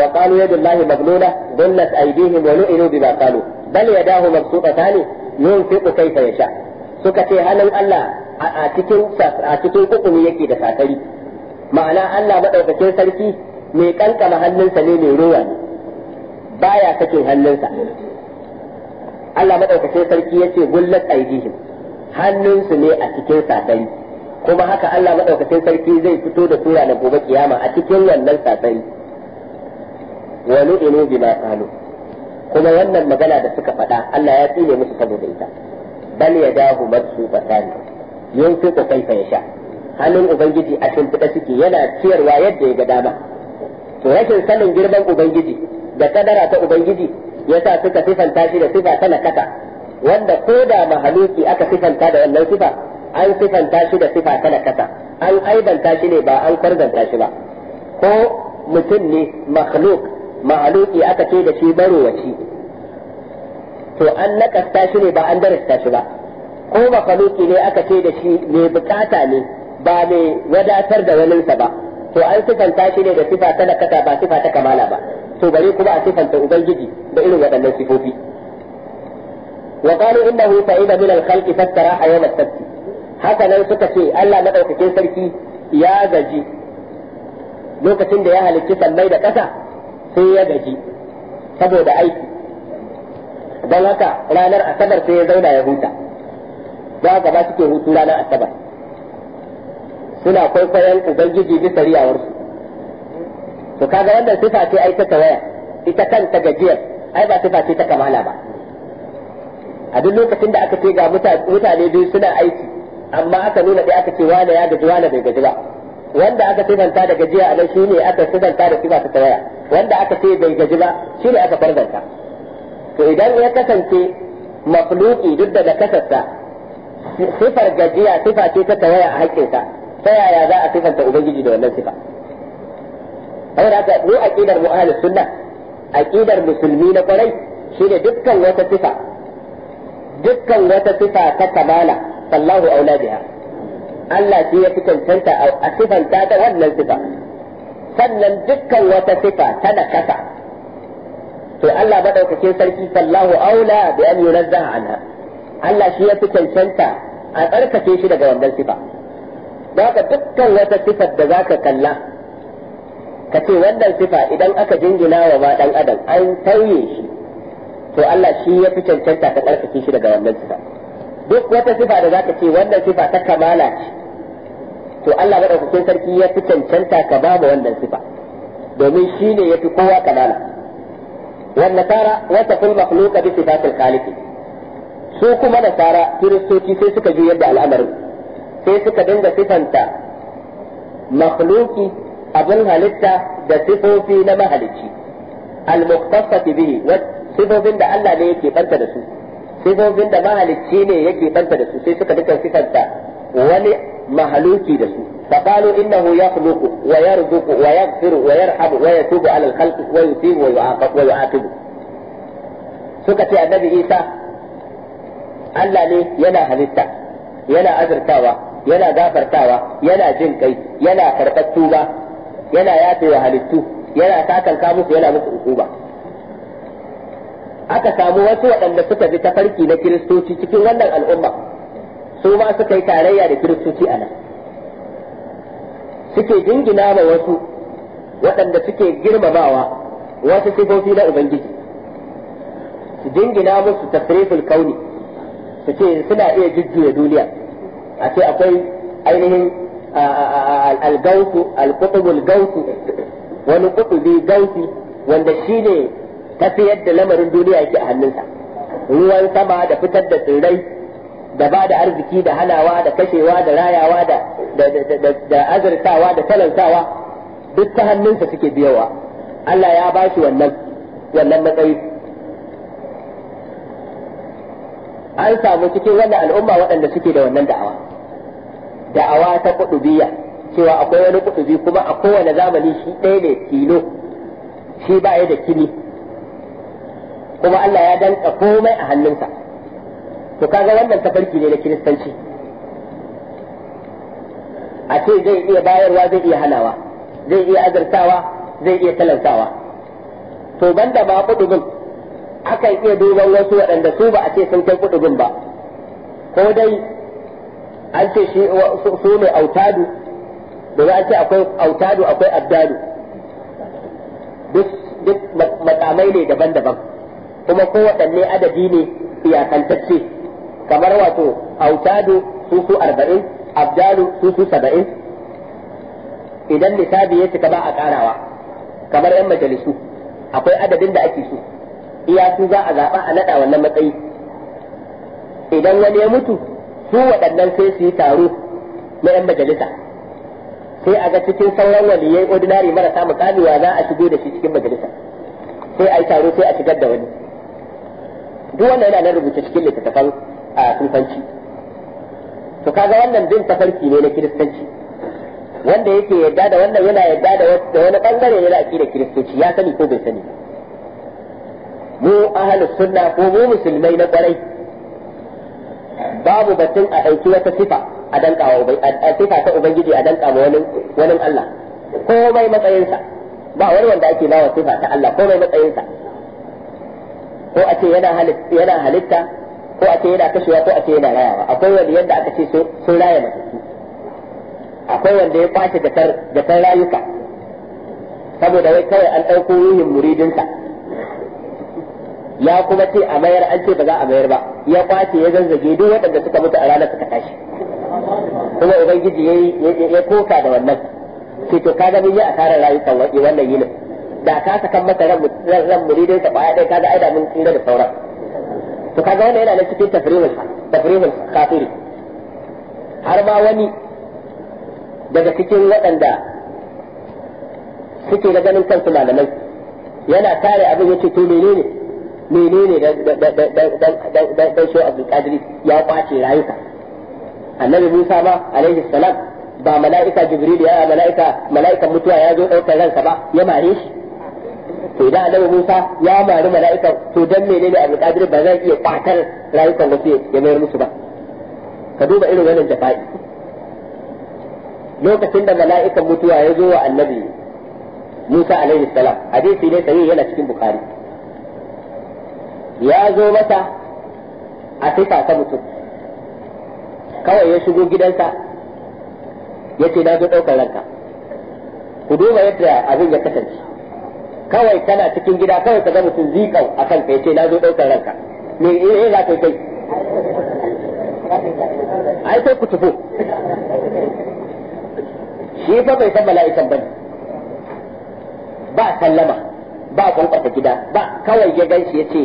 wa qalu yadullahi maglula dullat aydihim wa lu'inu bima qalu bal yadahu mabsuutatan yunfiqu kayfa yasha suka ce halin Allah a cikin a cikin kukumi yake da sakari ma'ana Allah maɗaukacin sarki mai kankama hannunsa ne mai ruwa ne baya sakin hannunsa Allah madaukakin sarki yace gullat aidihim hannunsu ne a cikin sasari kuma haka Allah madaukakin sarki zai fito da sura na gobe kiyama a cikin wannan sasari wa lu'inu bima qalu kuma wannan magana da suka faɗa Allah ya tsine musu saboda ita bal yadahu mabsuutatan yunfiqu kayfa yasha hannun ubangiji a cikin suke yana ciyarwa yadda ya ga dama to rashin sanin girman ubangiji da kadara ta ubangiji yasa suka sifanta shi da sifa ta nakata wanda ko da mahaluki aka sifanta da wannan sifa an sifanta shi da sifa ta nakata an aibanta shi ne ba an kwarganta shi ba ko mutum ne makhluk mahaluki aka ce da shi barowaci to an nakasta shi ne ba an darasta shi ba ko mahaluki ne aka ce da shi mai bukata ne ba mai wadatar da waninsa ba to an sifanta shi ne da sifa ta nakata ba sifa ta kamala ba to bare kuma a sifanta ubangiji da irin waɗannan sifofi wa qalu innahu sa'ida min al-khalqi fastaraha yawm as-sabt haka nan suka ce Allah madaukakin sarki ya gaji lokacin da ya halicci sammai da ƙasa sai ya gaji saboda aiki don haka ranar asabar sai ya zauna ya huta za haka suke hutu ranar asabar suna kwaikwayon ubangiji bisa riyawarsu to kaga wannan sifa ce ai ta tawaya ita kanta gajiyar ai ba sifa ce ta kamala ba a duk lokacin da aka ce ga mutane biyu suna aiki amma aka nuna ɗaya aka ce wane ya gaji wane bai gaji ba wanda aka sifanta da gajiya a nan shine aka sifanta da sifa ta tawaya wanda aka ce bai gaji ba shine aka farzanta to idan ya kasance makhluki duk da nakasarsa sifar gajiya sifa ce ta tawaya a haƙƙinsa ta yaya za a sifanta ubangiji da wannan sifa saboda haka mu aqidar mu ahlus sunna aqidar musulmi na kwarai shine dukkan wata sifa dukkan wata sifa ta kamala sallahu aula biha Allah shi ya fi cancanta a sifanta ta wannan sifa sannan dukkan wata sifa ta nakasa to Allah madaukakin sarki sallahu aula bi an yunazzaha anha Allah shi ya fi cancanta a tsarkake shi daga wannan sifa da dukkan wata sifar da zaka kalla ka ce wannan sifa idan aka jingina wa ma dan adam an tauye shi to Allah shi ya fi cancanta ka tsarkake shi daga wannan sifa duk wata sifa da zaka ce wannan sifa ta kamala ce to Allah madaukakin sarki ya fi cancanta ka ba mu wannan sifa domin shi ne ya fi kowa kamala wannan tara wata kul makhluqa bi sifatil khaliqi su kuma nasara kiristoci sai suka juyar da al'amarin sai suka dinga sifanta makhluqi abun halitta da sifofi na mahalicci al-muqtasati bihi wa sifofin da Allah ne yake banta da su sifofin da mahalicci ne yake banta da su sai suka duka sifanta wani mahaluki da su فقالوا إنه يخلق ويرزق ويغفر ويرحم ويتوب على الخلق ويثيب ويعاقب ويعاقب سكة النبي عيسى Allah ne yana halitta yana azurtawa yana gafartawa yana jin kai yana karɓar tuba yana yafe wa halittu yana takanka musu yana musu hukuma aka samu wasu waɗanda suka bi tafarki na kiristoci cikin wannan al'umma su ma suka yi tarayya da kiristoci a nan suke jingina ma wasu waɗanda suke girmamawa wasu sifofi na ubangiji su jingina musu tasriful kauni su ce suna iya jujjuya duniya a ce akwai ainihin al-gautu al-qutub al-gautu wani kutubi gauti wanda shi ne tafiyar da lamarin duniya yake a hannunsa ruwan sama da fitar da tsirrai da ba da arziki da halawa da kashewa da rayawa da azurtawa da talantawa duk ta hannunsa suke biyawa. Allah ya ba shi wannan wannan matsayi an samu cikin wannan al'umma waɗanda suke da wannan da'awa da awa ta kudubiyya cewa akwai wani kudubi kuma a kowane zamani shi ɗaya ne tilo shi ba ya da kini kuma Allah ya danka komai a hannunsa to kaga wannan tafarki ne na kiristanci a ce zai iya bayarwa zai iya hanawa zai iya azartawa zai iya talantawa to banda ba kudubin akan iya duban wasu waɗanda su ba a ce sun kai kudubin ba ko dai an ce shi su ne autadu da za a ce akwai autadu akwai abdalu duk makamai ne daban-daban kuma kowaɗanne adadi ne iyakantacce kamar wato autadu su su arba'in abdalu su su saba'in idan nisabi ya cika ba a ƙarawa kamar 'yan majalisu akwai adadin da ake so iya su za a zaɓa a naɗa wannan matsayi idan wani ya mutu su waɗannan sai su yi taro na 'yan majalisa sai a ga cikin sauran waliyai ordinary marasa mukami wa za a shigo da shi cikin majalisa sai a yi taro sai a shigar da wani duk wannan yana nan rubuce cikin littattafan a sufanci to kaga wannan bin tafarki ne na kiristanci wanda yake yadda da wannan yana yadda da wani bangare yana aki da kiristoci ya sani ko bai sani mu ahlus sunna ko mu musulmai na kwarai babu batun a ɗauki wata sifa a bai a sifa ta ubangiji a danka ma wani wani Allah komai matsayinsa ba wani wanda ake bawa sifa ta Allah komai matsayinsa ko a ce yana halitta yana halitta ko a ce yana kashewa ko a ce yana rayawa akwai wanda yadda aka ce sun raya matattu akwai wanda ya kwace da jakar rayuka saboda wai kawai an ɗauko ruhin muridinsa ya kuma ce a mayar an ce ba za a mayar ba ya kwace ya zanzage duk waɗanda suka mutu a ranar suka tashi kuma ubangiji ya koka da wannan sai to kaga mun yi asarar rayukan wannan yinin da ka sakan maka ran muridin sa baya dai kaga aida mun tsira da sauran to kaga wannan yana da cikin tafrihul tafrihul kafiri har ma wani daga cikin waɗanda suke da ganin kansu malamai yana tare abin yace to menene ne menene dan shi abu Qadir ya kwace rayuka annabi Musa ba alaihi salam ba mala'ika Jibril ya mala'ika mala'ikan mutuwa ya zo daukar ransa ba ya mare shi to idan annabi Musa ya mari mala'ika to dan menene abu Qadir ba zai iya kwatar rayukan wasu ya mayar musu ba ka duba irin wannan jafa'i lokacin da mala'ikan mutuwa ya zo wa annabi Musa alaihi salam hadisi ne sai yana cikin Bukhari ya zo mata a fita ta mutum kawai ya shigo gidansa ya ce na zo ɗaukar ranka ku duba yadda abin ya kasance kawai tana cikin gida kawai ka ga mutum zikau a kanka ya ce na zo ɗaukar ranka me eh, eh za ka kai ai sai ku tufo shi fa bai san mala'ikan bane ba sallama ba kwankwata gida ba kawai ya ganshi ya ce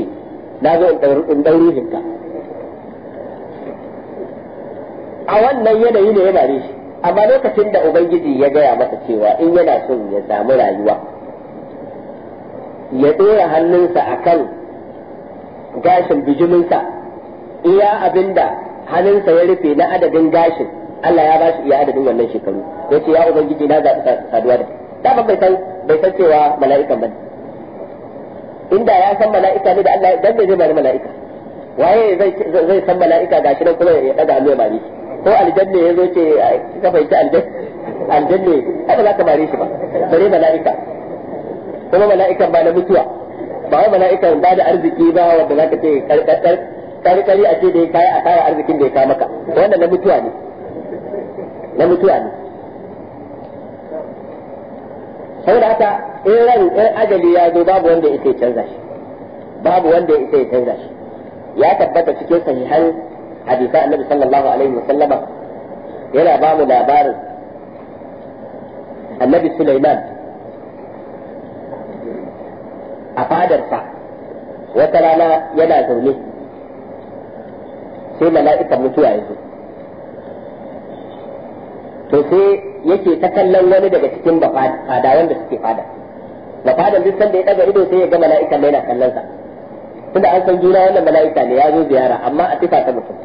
na zo in dauri hinka a wannan yanayi ne yana shi amma lokacin da ubangiji ya gaya masa cewa in yana son ya samu rayuwa ya ɗora hannunsa a kan gashin bijiminsa iya abinda hannunsa ya rufe na adadin gashin Allah ya ba shi iya adadin wannan shekaru ya ce ya ubangiji na zaɓi saduwa da ta ban bai san cewa mala'ikan ba inda ya san mala'ika ne da Allah dan da zai bari mala'ika waye zai zai san mala'ika gashi nan kuma ya daga hannu ya bari ko aljanna ya zo ce ka fahimci aljanna aljanna ba za ka bari shi ba bare mala'ika kuma mala'ikan ba na mutuwa ba wai mala'ikan ba da arziki ba wanda za ka ce karkar karkari a ce da ya kai a kawo arzikin da ya ka maka wannan na mutuwa ne na mutuwa ne saboda haka in ran in ajali ya zo babu wanda ya sai canza shi babu wanda ya sai canza shi ya tabbata cikin sahihan hadisa annabi sallallahu alaihi wa sallama yana ba mu labarin annabi Sulaiman a fadarsa wata rana yana zaune sai mala'ikan mutuwa ya zo to sai yake ta kallon wani daga cikin fadawan da suke fada bafadan duk sanda ya daga ido sai ya ga mala'ika da yana kallon sa tunda an san juna wannan mala'ika ne ya zo ziyara amma a sifa ta mutum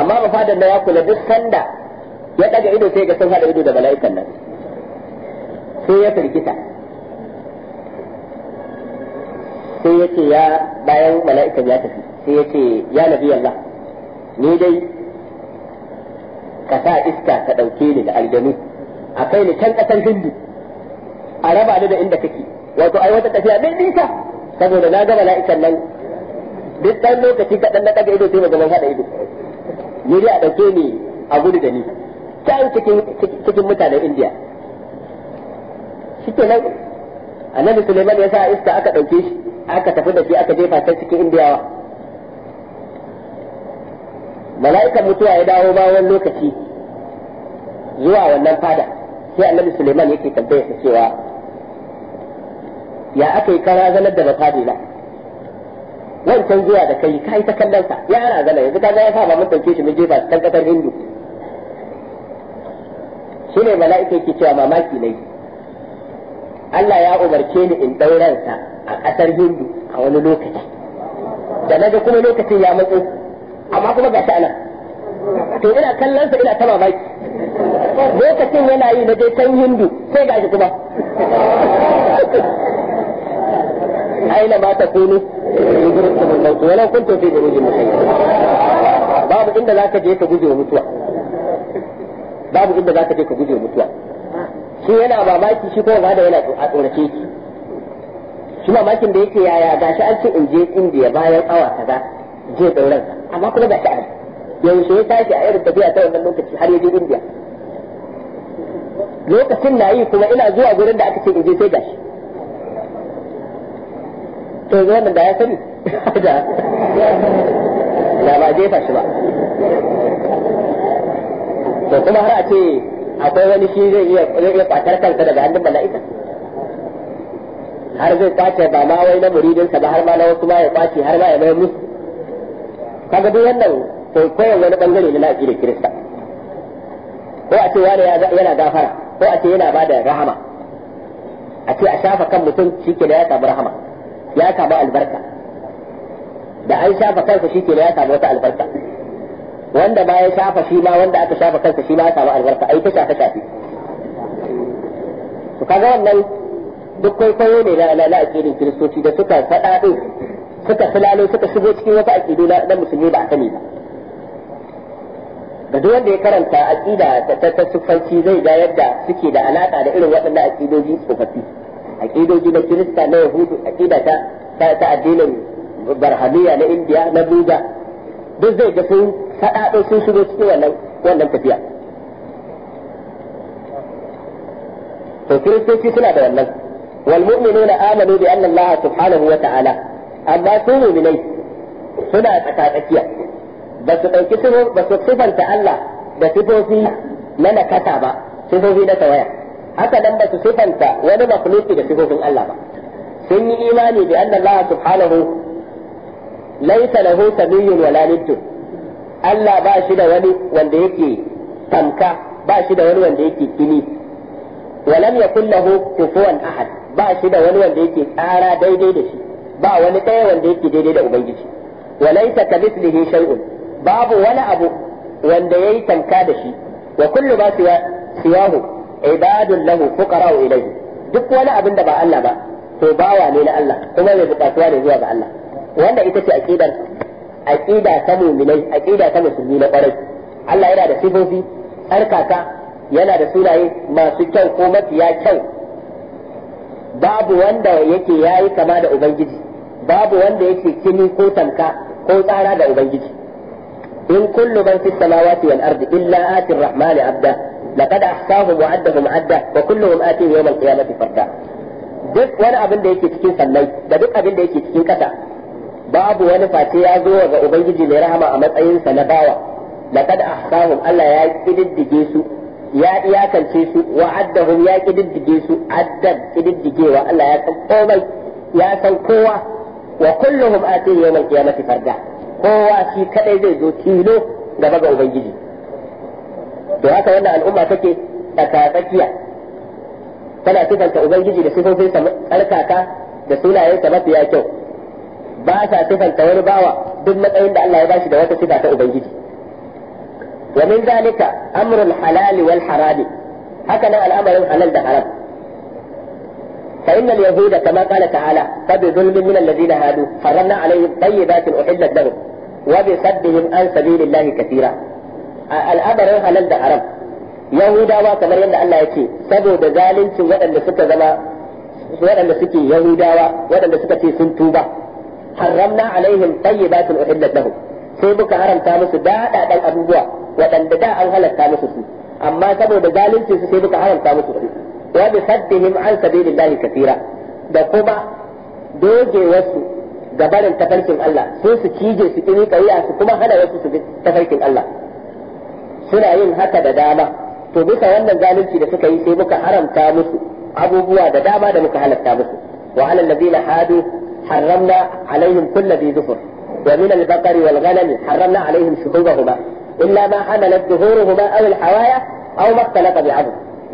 amma bafadan da ya kula duk sanda ya daga ido sai ya ga sun hada ido da mala'ikan nan sai ya firgita sai ya ce ya bayan mala'ikan ya tafi sai ya ce ya nabi Allah ni dai ka sa iska ka ɗauke ni da aljanu a kai ni can ƙasar hindu a raba ni da inda kake wato ai wata tafiya mai nisa saboda na ga mala'ikan nan duk ɗan lokaci kaɗan na ɗaga ido sai ba zaman haɗa ido ni dai a ɗauke ni a gudu da ni can cikin cikin mutanen indiya shike nan annabi suleiman ya sa iska aka ɗauke shi aka tafi da shi aka jefa can cikin indiyawa mala'ikan mutuwa ya dawo bayan lokaci zuwa wannan fada sai annabi suleiman yake tambayar sa cewa ya aka yi kara zanar da mafadi na wancan zuwa da kai yi ta kallon sa ya ana zana yanzu kaga ya saba mun ɗauke shi mun jefa kan kasar hindu ne mala'ika yake cewa mamaki ne Allah ya umarce ni in ɗauransa a ƙasar Hindu a wani lokaci da naga kuma lokacin ya matso amma kuma ga anan to ina kallon sa ina ta mamaki lokacin yana yi na je can hindu sai ga shi kuma aina ba ta kunu kun kuntum fi burujin babu inda zaka je ka guje mutuwa babu inda zaka je ka guje mutuwa shi yana mamaki shi kuma ba da yana a tsorace shi shi mamakin da yake yaya gashi an ce in je indiya bayan awa kaza je tsauran amma kuma ga shi anan yaushe ya tashi a irin tafiya ta wannan lokaci har ya je India lokacin na yi kuma ina zuwa gurin da aka ce in je sai gashi to yanzu wannan da ya sani da da ba jefa shi ba to kuma har a ce akwai wani shi zai iya zai iya kwatar kansa daga hannun mala'ika har zai kwace ba ma wai na muridinsa ba har ma na wasu ma ya kwace har ma ya mai musu kaga duk wannan sai koyan wani bangare na da kirista ko a ce wani yana gafara ko a ce yana bada rahama a ce a shafa kan mutum shi ke da ya samu rahama ya samu albarka da an shafa kansa shi ke da ya samu wata albarka wanda ba ya shafa shi ma wanda aka shafa kansa shi ma ya samu albarka ai ta shafa shafi to kaga wannan duk kwaikwayo ne na a na kiristoci da suka faɗa din suka filalo suka shigo cikin wasu aƙidu na musulmi ba a sani ba ga duk wanda ya karanta aƙida ta ta sufanci zai ga yadda suke da alaƙa da irin waɗannan aƙidoji tsofaffi aƙidoji na kirista na yahudu aƙida ta ta addinin barhamiya na indiya na buga duk zai ga sun saɗaɗo sun shigo cikin wannan wannan tafiya to kiristoci suna da wannan wal mu'minuna amanu bi anna allaha wa ta'ala amma su mu'minai suna tsakatsakiya ba su ɗauki ba su sifanta Allah da sifofi na nakasa ba sifofi na tawaya haka nan ba su sifanta wani makhluki da sifofin Allah ba sun yi imani da anna Allah subhanahu laysa lahu samiyyun wala niddun Allah ba shi da wani wanda yake tamka ba shi da wani wanda yake kini walam yakul lahu kufuwan ahad ba shi da wani wanda yake tsara daidai da shi ba wani ɗaya wanda yake daidai da ubangiji wa ka ne shay'un babu wani abu wanda yayi tanka da shi wa kullu ba siyahu ibadun lahu wa ilayhi duk wani abin da ba Allah ba to bawa ne na Allah kuma mai bukatuwa ne zuwa ga Allah wanda ita ce aqidar aqida ta mu'minai aqida ta musulmi na kwarai Allah yana da sifofi tsarkaka yana da sunaye masu kyau ko mafiya kyau babu wanda yake yayi kama da ubangiji babu wanda yake kini ko tamka ko tsara ga ubangiji in kullu man fis samawati wal ardi illa ati ar-rahmani abda laqad ahsahum wa addahum adda wa kulluhum ati yawm al-qiyamati farda duk wani abin da yake cikin sallai da duk abin da yake cikin kasa babu wani face ya zo ga ubangiji mai rahama a matsayinsa na bawa laqad ahsahum Allah ya kididdige su ya iyakance su wa addahum ya kididdige su addan kididdigewa Allah ya san komai ya san kowa wa kulluhum atihi mai qiyamati farda kowa shi kadai zai zo tilo gaba ga ubangiji to haka wannan al'umma take tsakatsakiya tana sifanta ubangiji da sifofin sa tsarkaka da sunayensa mafiya kyau ba sa sifanta wani bawa duk matsayin da Allah ya bashi da wata sifa ta ubangiji wa min zalika amrul halali wal harami haka nan al'amarin halal da haram فإن اليهود كما قال تعالى فبظلم من الذين هادوا حرمنا عليهم طيبات أحلت لهم وبصدهم عن سبيل الله كثيرا الأمر حلال ده حرام يهودا كما يند الله يكي سبو ده ودن suka zama waɗanda suke Yahudawa waɗanda suka ce sun tuba haramna alaihim tayyibatin uhillat lahum sai muka haramta musu daɗaɗan abubuwa waɗanda da an halatta musu su amma saboda zalunci su sai muka musu su وبصدهم عن سبيل الله كثيرا da kuma doge wasu ga barin tafarkin Allah su su cije su kini kariya su kuma hana wasu su tafarkin Allah suna yin haka da dama to bisa wannan zalunci da suka yi sai muka haramta musu abubuwa da dama da muka halatta musu wa alal ladina hadu harramna alaihim kullu bi dhufur wa min al baqari wal ghanami harramna alaihim shuhubahuma illa ma hamalat dhuhuruhuma aw al hawaya aw ma ikhtalaqa bi 'adl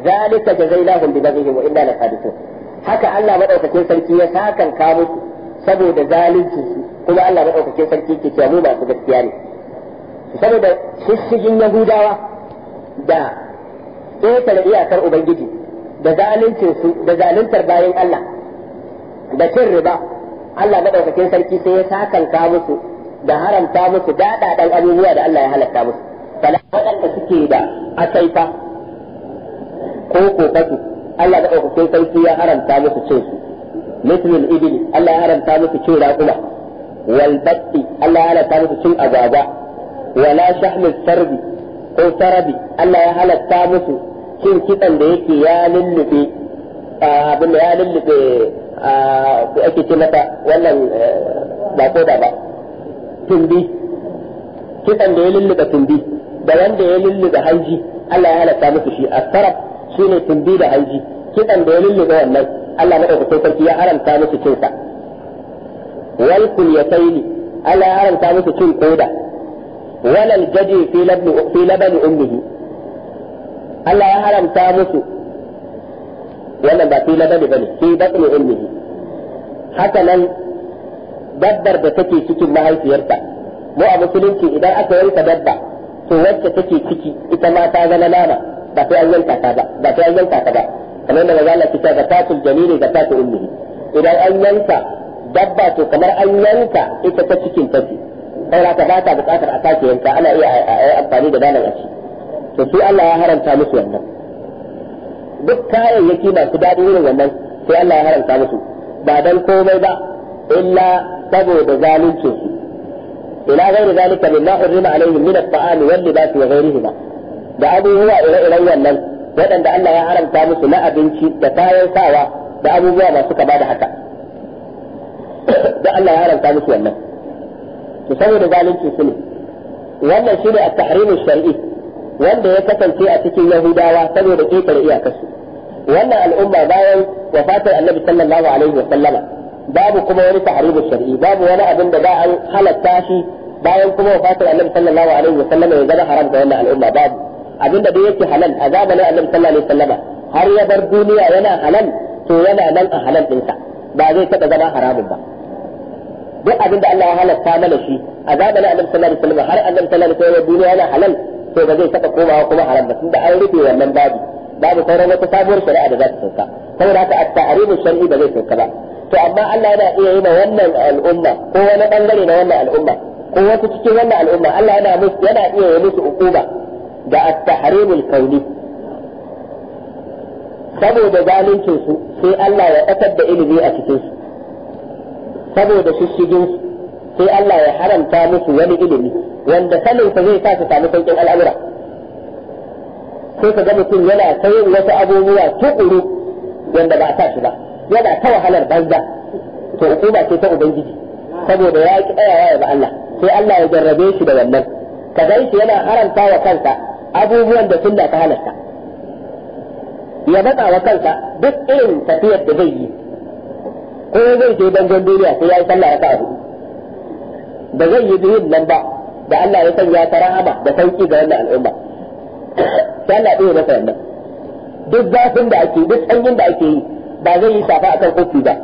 zalika jazainahum bi baghihim wa inna lakadithun haka Allah madaukakin sarki ya sakan ka musu saboda zalunci kuma Allah madaukakin sarki ke cewa masu gaskiya ne saboda shishigin yahudawa da ƙetare iyakar ubangiji da zaluncin su da zaluntar bayan Allah da cin riba Allah madaukakin sarki sai ya sakan ka musu da haramta musu daɗaɗan abubuwa da Allah ya halatta musu fala waɗanda suke da asaifa ko kokatu Allah da ɗaukakin sarki ya haramta musu cin su mislul ibil Allah ya haramta musu cin raƙuma wal batti Allah ya haramta musu cin agwagwa wala shahmil sarbi ko sarabi Allah ya halatta musu cin kitsan da yake ya lullube abin da ya lullube da ake ce mata wannan eh, ba ko da ba tumbi kitsan da ya lullube tumbi da wanda ya lullube hanji Allah ya halatta musu shi a sarab shine tumbi da hanji kidan da ya lulluɓe wannan Allah na madaukakin sarki ya haramta musu cin sa wal kulyataini Allah ya haramta musu cin koda walal jadi fi labni fi labani ummihi Allah ya haramta musu wannan ba fi labani bane fi batni ummihi haka nan dabbar da take cikin mahaifiyarta mu a musulunci idan aka yanka dabba to wacce take ciki ita ma ta zama nama ba sai an yanka ta ba ba sai an yanka ta ba kamar yadda Allah ke cewa zakatul jamili zakatul ummihi idan an yanka dabba to kamar an yanka ita ta cikin tafi saboda ka ba ta bukatar a sake yanka ana iya amfani da dalan a ci to su Allah ya haramta musu wannan duk kayayyaki masu daɗi irin wannan sai Allah ya haramta musu ba dan komai ba illa saboda zaluncinsu ila ghairi zalika mimma hurrima alaihim min at-ta'ami wal libasi wa ghairihima da abubuwa ire-iren wannan waɗanda Allah ya haramta musu na abinci da kayan sawa da abubuwa masu kama da haka da Allah ya haramta musu wannan to saboda zalunci su ne wannan shine a tahrimu shar'i wanda ya kasance a cikin Yahudawa saboda ƙetare iyakarsu wannan al'umma bayan wafatar Annabi sallallahu alaihi wa sallama babu kuma wani tahrimu shar'i babu wani abin da za a halatta shi bayan kuma wafatar Annabi sallallahu alaihi wa sallama ya zama haram ga wannan al'umma babu abinda da yake halal a zamanin annabi sallallahu alaihi wasallam har ya bar duniya yana halal to yana nan a halal ɗinsa ba zai taɓa zama haramun ba duk abin da Allah ya halatta mana shi a zamanin annabi sallallahu alaihi wasallam har annabi sallallahu alaihi wasallam duniya yana halal to ba zai taɓa komawa kuma haram ba tunda an rufe wannan babu babu sauran wata sabuwar shari'a da za ta sauka saboda haka at-ta'rimu shar'i ba zai sauka ba to amma Allah yana iya yi wannan al'umma ko wani bangare na wannan al'umma ko wata cikin wannan al'umma Allah yana musu yana iya yi musu ukuba da at-tahrimul kauni saboda zaluncin su sai Allah ya kasar da ilimi a cikin su saboda shishigin su sai Allah ya haramta musu wani ilimi wanda sanin sa zai sa su samu sauƙin al'amura sai ka ga mutum yana sayin wasu abubuwa tukuru wanda ba a sa shi ba yana ta wahalar banza to hukuma ce ta ubangiji saboda ya ki tsayawa ya ba Allah sai Allah ya jarrabe shi da wannan ka gan shi yana haramta wa kansa abubuwan da sunna ta halatta ya matsa wa kansa duk irin tafiyar da zai yi ko zai je dangon duniya sai ya yi sallah ya kawo da zai yi biyun nan ba da Allah ya sanya ta rahama da sauki ga wannan al'umma sai Allah ɗaya masa wannan duk zafin da ake duk sanyin da ake yi ba zai yi shafa akan kofi ba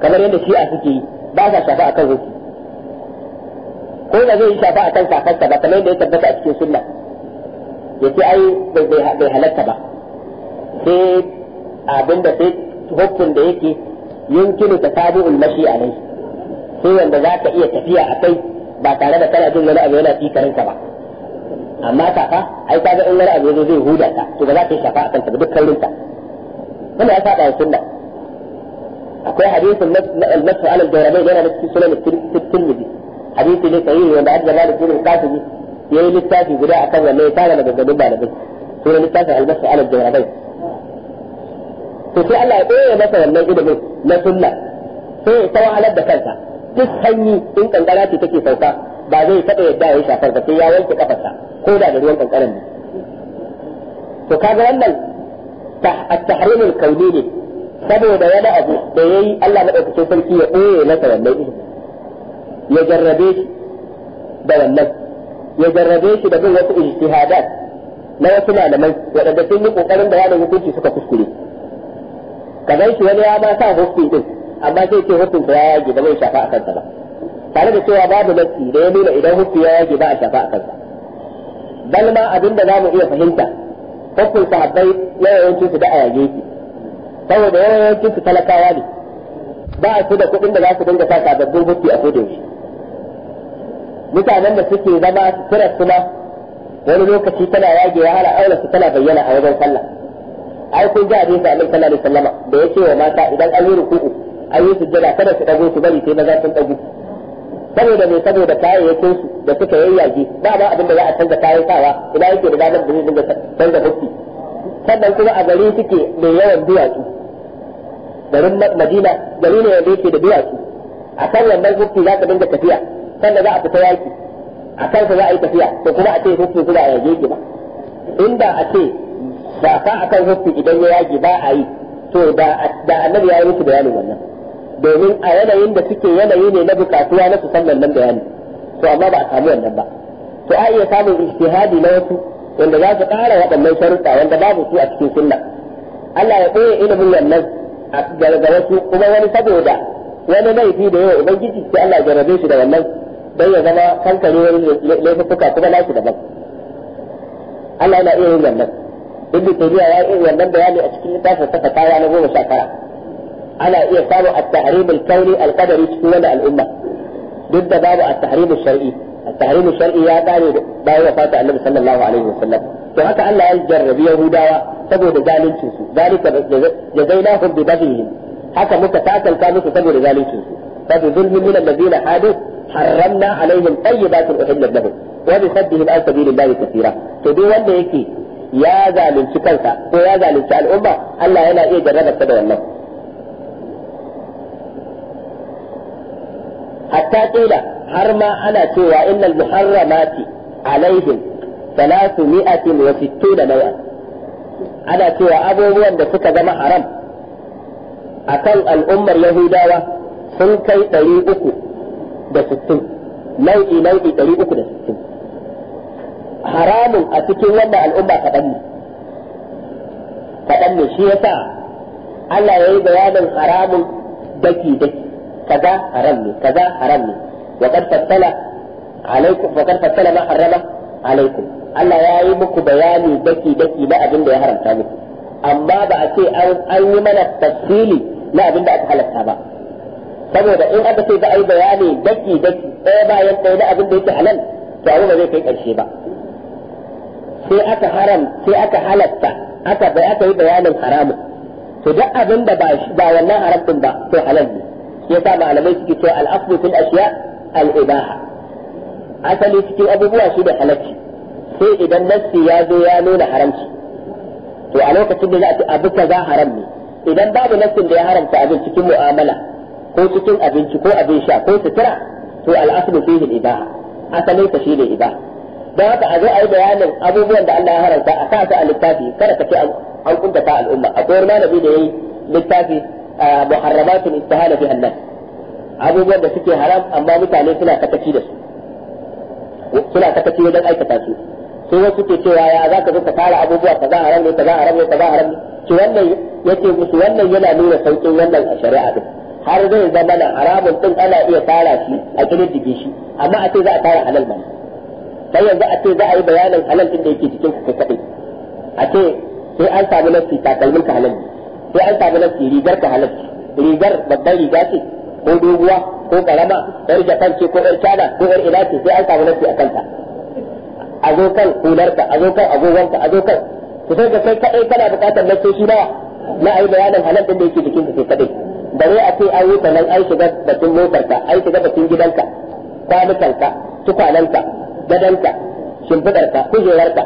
kamar yadda shi'a suke yi ba sa shafa akan kofi ko da zai yi shafa akan safarsa ba kamar yadda ya tabbata a cikin sunna ya ai bai halatta ba sai abin da sai hukun da yake yunkinu ta sabu ulmashi a nai sai wanda za ka iya tafiya a kai ba tare da kana jin wani abu yana fi fikarinka ba amma kafa ai ka ga in wani abu zai huda ka to ba za ka yi shafa a kanta ba dukkan rinka wannan ya saba a sunna akwai hadisin al-nasu ala al-jawrabain yana da cikin sunan at-tirmidhi hadisi ne sahihi wanda an jama'a da sunan qasimi yayi littafi guda akan wannan ya da maganganun malamai sura littafin albasa alal jawrabai to sai Allah ya ɗaya masa wannan ilimin na sunna sai ya tawahalar da kansa duk sanyi in kankara ce take sauka ba zai taɓa yadda ya shafar ba sai ya wanke kafarsa ko da da ruwan kankaran ne to kaga wannan at-tahrim kauni ne saboda wani abu da yayi Allah madaukakin sarki ya ɗaya masa wannan ilimin ya jarrabe shi da wannan ya jarrabe shi da bin wasu ijtihadat na wasu malamai waɗanda sun yi ƙoƙarin da bayanin hukunci suka kuskure kadan shi wani ya ma sa hukun din amma sai ce hukun ya yage ba zai shafa a kansa ba tare da cewa babu nassi da ya nuna idan hukun ya yage ba a shafa a kansa bal ma abin da zamu iya fahimta hukun sahabbai yawancin su da a yage shi saboda yawancin su talakawa ne ba su da kuɗin da za su dinga sa sababbin hukki a kodayaushe mutanen da suke zama su kira ma wani lokaci tana yagewa hala aure su tana bayyana a wajen sallah ai kun ji hadisi annabi sallallahu alaihi wasallama da yake wa mata idan an yi ruku'u an yi sujjada kada su dago su bari sai maza sun dago saboda me saboda kayayyakin su da suka yayyage ba ba abin da za a canza kayan sawa ina yake da damar da zai dinga canza hukki sannan kuma a gari suke mai yawan duwatsu garin madina gari ne wanda yake da duwatsu a kan wannan hukki za ka dinga tafiya sanda za a fita yaki a kansa za a yi tafiya to kuma a ce hukki kuma a yage ki ba inda a ce ba ka kan hukki idan ya yage ba a yi to da annabi ya yi musu bayanin wannan domin a yanayin da suke yanayi ne na bukatuwa na su san wannan bayani to amma ba a samu wannan ba to a iya samun ijtihadi na wasu wanda za su ƙara waɗannan sharuɗa wanda babu su a cikin sunna Allah ya ɓoye ilimin wannan a wasu kuma wani saboda wani laifi da yawa ubangiji sai Allah ya jarabe shi da wannan dan ya zama kankare wani laifuka kuma na nashi daban Allah yana iya yin wannan da taymiya ya yi wannan bayani a cikin littafin sa fatawa na goma sha tara ana iya samu a tahrim al-kawni cikin wani al'umma duk da babu at-tahrim al-shar'i a tahrim al-shar'i ya da bayan wafatin annabi sallallahu alaihi wasallam to haka Allah ya jarrabi yahudawa saboda zalincin su zalika jazainahum bi baghihim haka muka takalta musu saboda zalincin su fa bi zulmin min alladhina hadu حرمنا عليهم طيبات أحلت لهم وبصدهم عن سبيل الله كثيرا تدو wanda yake ya zalunci kansa ko ya zalunci al'umma Allah yana iya jarraba ta da wannan hatta kila har ma ana cewa innal muharramati alaihim 360 nau'a ana cewa abubuwan da suka zama haram akan al'ummar yahudawa sun kai ɗari uku da sittin nau'i nau'i ɗari uku da sittin haramun a cikin wannan al'umma kaɗan ne kaɗan ne shi yasa Allah ya yi bayanin haramun daki daki kaza haram ne kaza haram ne wa qad fassala alaikum wa qad fassala ma harrama alaikum Allah ya yi muku bayani daki daki na abin da ya haramta muku amma ba a ce an yi mana tafsili na abin da aka halatta ba saboda in aka ce za a yi bayani daki daki ɗaya bayan ɗaya na abin da yake halal to abu ba zai kai ƙarshe ba sai aka haram sai aka halatta aka bai aka yi bayanin haramun to duk abin da ba wannan haram din ba to halal ne shi yasa malamai suke cewa al-aslu fil ashiya al-ibaha asali cikin abubuwa shi da halacci sai idan nassi ya zo ya nuna haramci to a lokacin da za a ce abu kaza haram ne idan babu nassin da ya haramta abin cikin mu'amala ko cikin abinci ko abin sha ko sutura to al'aslu fihi al-ibaha asalin ka shine ibaha dan haka a zo ayi yi bayanin abubuwan da Allah ya haramta a sa a littafi kada ka ce an kuntata al'umma akwai wani malami da yayi littafi muharramatun istihala biha an abubuwan da suke haram amma mutane suna takaci da su suna takaci wajen aikata su sai wasu ke cewa ya za zo ka fara abubuwa kaza haram ne kaza haram ne kaza haram ne ki wannan yake musu wannan yana nuna saukin wannan a shari'a din har zai zama na haramun din ana iya fara shi a kididdige shi amma a ce za a tara halal mana sai yanzu a ce za a yi bayanin halal din da yake cikin ka kadai a ce sai an samu nafsi takalmin ka halal sai an samu nafsi rigar ka halal rigar babban riga ce ko doguwa ko karama yar japan ce ko yar china ko yar ina ce sai an samu nafsi a kanta a zo kan hularka a zo kan agogonka a zo kan ku sai ka kai kadai kana bukatar nafsi shi na na a yi bayanin halal din da yake cikin ka kadai bare a ce an yi sanan an shiga batun motarka an shiga batun gidanka kwanukanka tukwananka gadanka shimfidarka kujerarka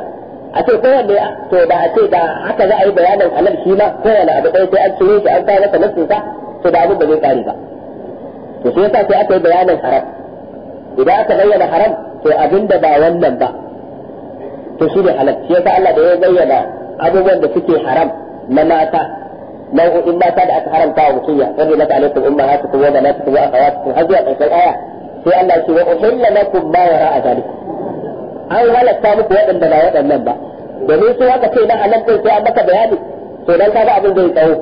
a ce kowanne to da a ce da haka za a yi bayanin halal shi ma kowane abu ɗaya sai an cire shi an kawo masa nasinsa to da abin da zai kare ba to shi yasa sai aka yi bayanin haram idan aka bayyana haram to abin da ba wannan ba to shi ne halal shi yasa Allah da ya bayyana abubuwan da suke haram na mata nau'o'in mata da aka haramta wa mutum ya rabi mata alaikum ummahatukum wa banatukum wa akhawatukum har zuwa ƙarshen aya sai Allah ce wa uhilla lakum ma a zalik an halatta muku waɗanda ba waɗannan ba domin su haka ce dan Allah sai an maka bayani to dan kaga abin zai tsawo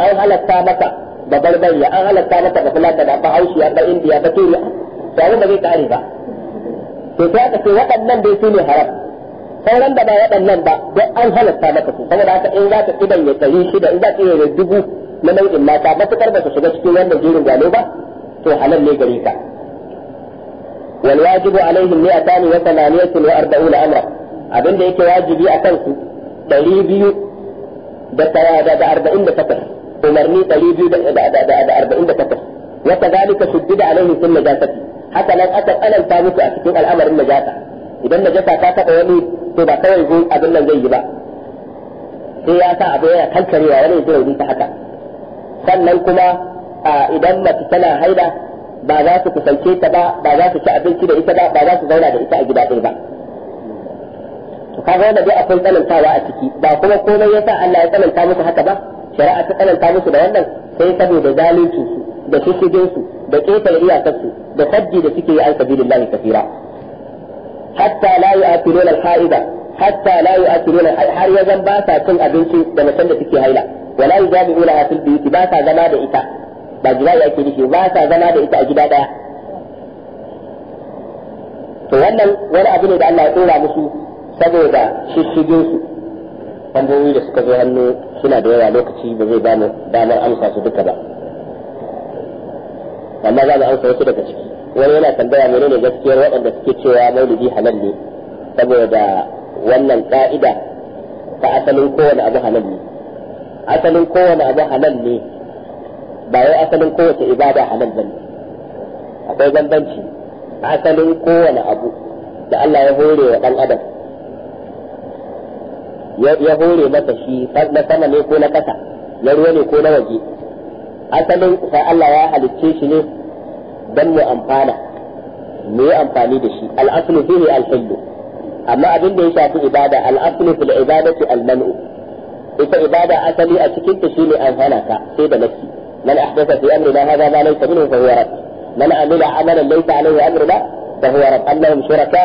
an halatta maka da barbariya an halatta maka da fulata da bahaushiya ba indiya ba turiya to abin da zai kare ba to sai aka ce waɗannan dai su ne haram sauran da ba waɗannan ba duk an halatta maka su saboda haka in za ka kidan ya ɗari shida in za ka yi da dubu na nau'in mata matukar ba su shiga cikin wannan jerin gano ba to halal ne gare ka والواجب عليهم 248 أمرا abin da yake wajibi a kansu ɗari biyu da da arba'in da takwas umarni ɗari biyu da arba'in da takwas wata zalika shuddida alaihi sun najasati haka nan aka tsananta musu a cikin al'amarin najasa idan najasa ta taɓa wani to ba kawai ko abin nan zai yi ba sai ya sa abu yana kankarewa wani ya rauni ta haka sannan kuma idan mace tana haida ba za su kusance ta ba ba za su ci abinci da ita ba ba za su zauna da ita a gida ɗaya ba kaga wanda dai akwai tsanantawa a ciki ba kuma komai yasa Allah ya tsananta musu haka ba shari'a ta tsananta musu da wannan sai saboda zalunci su da shishigin su da ƙetare iyakar su da tajji da suke yi an sabilillahi kafira hatta la yu'atiluna al-haida hatta la yu'atiluna har ya zan ba sa cin abinci da mutan da suke haila wala yuzabiuna fil bayti ba sa zama da ita ba ba sa da ita a gida daya to wannan wani abu ne da Allah ya tsora musu saboda shishigin su tambayoyi da suka zo hannu suna da yawa lokaci ba zai bani damar amsa su duka ba amma za mu amsa wasu daga ciki wani yana tambaya ne gaskiyar waɗanda suke cewa maulidi halal ne saboda wannan ka'ida ta asalin kowane abu halal ne asalin kowane abu halal ne ba wai asalin kowace ibada halal bane akwai bambanci asalin kowane abu da Allah ya hore wa dan adam ya hore masa shi na sama ne ko na ƙasa na ruwa ne ko na waje asalin sai Allah ya halicce shi ne dan mu amfana mu yi amfani da shi al'aslu fihi al-hillu amma abin da ya shafi ibada al'aslu fil ibadati al-man'u ita ibada asali a cikin ta shine an hana ka sai da nafsi man ahdatha fi amrina hadha ma laysa minhu fa huwa rad man amila amalan laysa alayhi amruna fa huwa rad annahum shuraka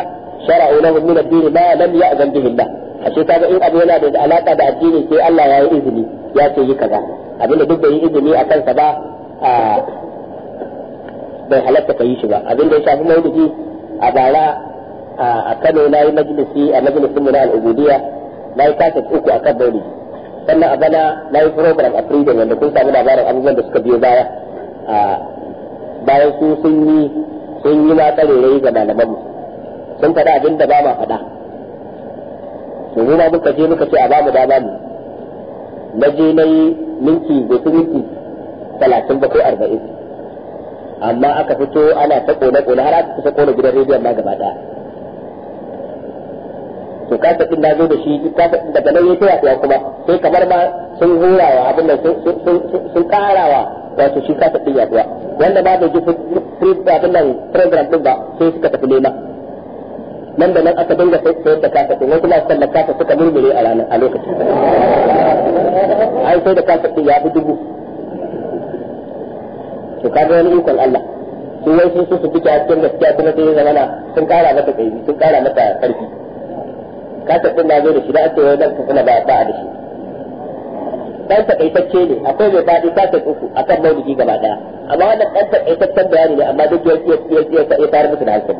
shara'u lahum min ad-din ma lam ya'zan bihi Allah ashe kaga in abu yana da alaka da addini sai Allah ya yi izini ya ce yi kaza abinda duk da yi izini a kansa ba bai halatta ka yi shi ba abin da ya shafi maulidi a bara a Kano na yi majalisi a majalisin mu na al'ubudiya na yi kasa uku a kan maulidi sannan a bana na yi program a freedom wanda kun samu labarin abubuwan da suka biyo baya bayan su sun yi sun yi ma karerai ga malamanmu sun faɗa abin da ba ma faɗa to mu ma muka je muka ce a ba mu dama mu na je na yi minti da minti talatin ba ko arba'in amma aka fito ana ta kone kone har aka kusa kone gidan rediyon ma gaba daya to kasa din da zo da shi kasa din daga nan yayi tafiya kuma sai kamar ma sun hurawa abin nan sun karawa wato shi kasa din yaduwa wanda ba da ji abin nan program din ba sai suka tafi nema nan da nan aka dinga sai da kasa din wasu masu da kasa suka murmure a ranar a lokacin ai sai da kasa din ya bi dubu to kaga wani ikon Allah su yi sun su fice a cikin gaskiya kuma sai zama na sun kara mata kai sun kara mata karfi ka ta tunda zo da shi da ake wai dan kuma ba ba da shi dan tacce ne akwai mai dadi ta ta uku akan maulidi gaba daya amma wannan dan takaitaccen bayani ne amma duk yake yake yake ya fara musu da hankali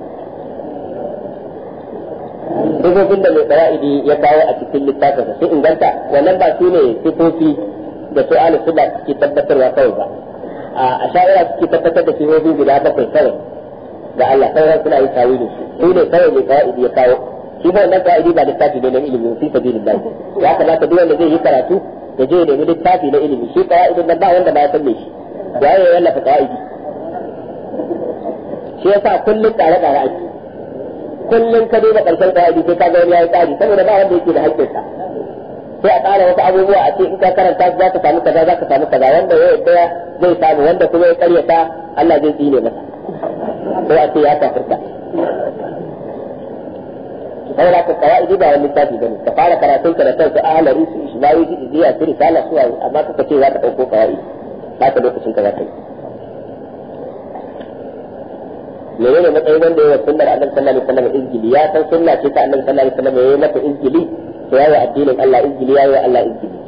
sifofin da mai tsara'idi ya kawo a cikin littafinsa sai inganta wannan ba su ne sifofi da su alu suna suke tabbatarwa kawai ba a sha'ira suke tabbatar da sihohi guda bakwai kawai ga Allah sauran suna yin tawili su su ne kawai mai kawai ya kawo shi ba wannan fa'idi ba littafi ne na ilimi fi sabilillah ya kamata duk wanda zai yi karatu ya je ya nemi littafi na ilimi shi fa'idin nan ba wanda ba ya san me shi ya yi wallafa fa'idi shi yasa kullum tsare tsare ake kullum ka duba karshen fa'idi sai ka ga wani ya yi tsari saboda ba wanda yake da haƙƙinsa sai a ƙara wasu abubuwa a ce in ka karanta za ka samu kaza za ka samu kaza wanda ya yarda zai samu wanda kuma ya karyata Allah zai tsine masa ko a ce ya kafirta da ka idi ba wani littafi bane ka fara karatun ka da kanka ahla rusu ismawi ji iziya su risala suwa amma ka ce za ka dauko kawai ba ka lokacin ka za ka yi menene matsayin wanda ya sunnar annabi sallallahu alaihi wasallam izgili ya san sunna ce ta annabi sallallahu alaihi wasallam ya yi mata izgili ya yi addinin Allah izgili ya yi wa Allah izgili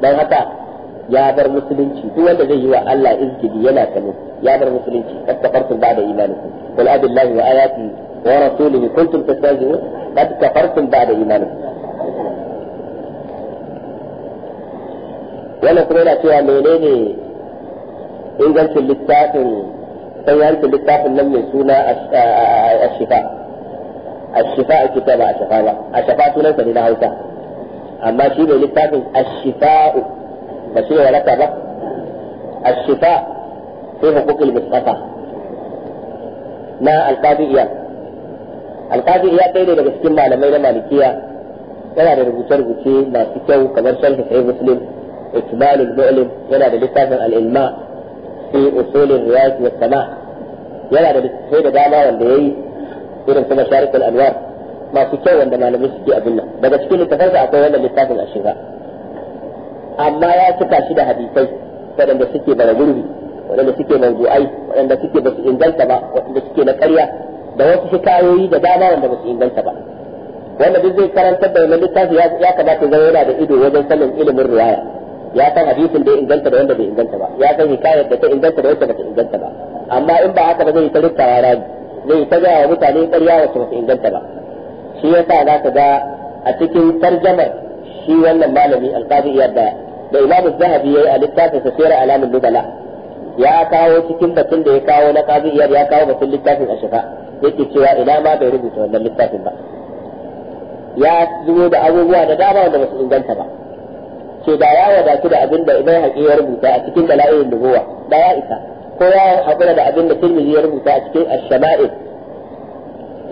don haka ya bar musulunci duk wanda zai yi wa Allah izgili yana kanu ya bar musulunci kad kafartum ba'da imanikum qul abillahi wa ayati wa rasulihi kuntum tastahzi'un kad kafartum ba'da imanikum wannan kuma yana cewa menene ingancin littafin sai littafin nan mai suna a shifa الشفاء كتاب الشفاء الشفاء ليس لله وسع أما شيء للتابع الشفاء ما شيء ولا الشفاء في حقوق المصطفى ما القاضي إياه القاضي إياه كيف إذا بسكين معنا مين مالكية كان هذا الوشر وشيء ما سكوا كبر شرح في مسلم إكمال المؤلم كان هذا لتابع الإلماء في أصول الرياض والسماح يلا ده بس هيدا دابا ولا ايه irin kuma sharikul anwar masu kyau wanda malamai suke abin nan daga cikin littafansa akwai wannan littafin a shiga amma ya cika shi da hadisai waɗanda suke bara gurbi waɗanda suke manzu'ai waɗanda suke su inganta ba waɗanda suke na ƙarya da wasu shikayoyi da dama wanda su inganta ba wanda duk zai karantar da wannan littafi ya kamata zama yana da ido wajen sanin ilimin riwaya ya san hadisin da ya inganta da wanda bai inganta ba ya san hikayar da ta inganta da wanda ba ta inganta ba amma in ba haka ba zai ta rikka rami zai ta gaya wa mutane ƙarya wacce ba su inganta ba shi yasa za ka ga a cikin tarjamar shi wannan malami alqadi iyad da da imamu zahabi yi a littafin sa sayar alamin nubala ya kawo cikin batun da ya kawo na qadi iyad ya kawo batun littafin shiga yake cewa ina ma bai rubuta wannan littafin ba ya zubo da abubuwa da dama wanda ba su inganta ba ce da ya wadatu da abin da ibai haƙi ya rubuta a cikin dala'ilin nubuwa da ya isa kowa ya haƙura da abin da Tirmidhi ya rubuta a cikin Ash-Shama'il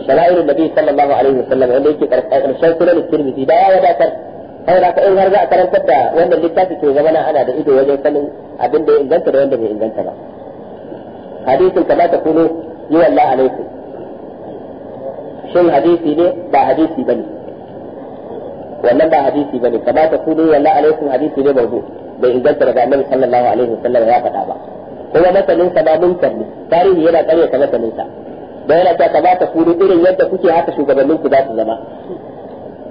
Shama'il Nabi sallallahu alaihi wa wasallam wanda yake karshen sunan Tirmidhi da ya wadatar saboda ka in har za a karantar da wannan littafi to zama ana da ido wajen sanin abin da ya inganta da wanda bai inganta ba hadisin kama ta kuno yi wallah alaikum shin hadisi ne ba hadisi bane wannan ba hadisi bane kama ta kuno yi wallah alaikum hadisi ne mawdu bai inganta da ba Annabi sallallahu alaihi wa wasallam ya faɗa ba kuma masanin sa ba munkar ne tarihi yana ƙarya ka masaninsa da yana ta kamata ku kudu irin yadda kuke haka shugabannin ku za su zama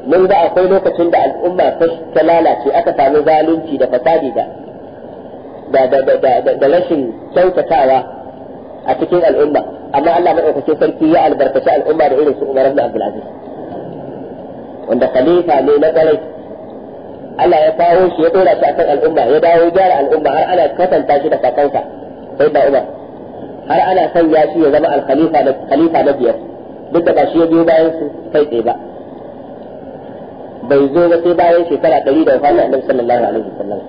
mun ga akwai lokacin da al'umma ta lalace aka samu zalunci da fasadi da da rashin kyautatawa a cikin al'umma amma Allah maɗaukakin sarki ya albarkaci al'umma da irin su Umar ibn Abdul Aziz wanda khalifa ne na ƙwarai Allah ya kawo shi ya dora shi akan al'umma ya dawo gyara al'umma har ana kasanta shi da kakansa sai da Umar har ana son ya shi ya zama al da khalifa na biyar duk da ba ya biyo bayan su kai tsaye ba bai zo ba sai bayan shekara ɗari da wafatin annabi sallallahu alaihi wasallam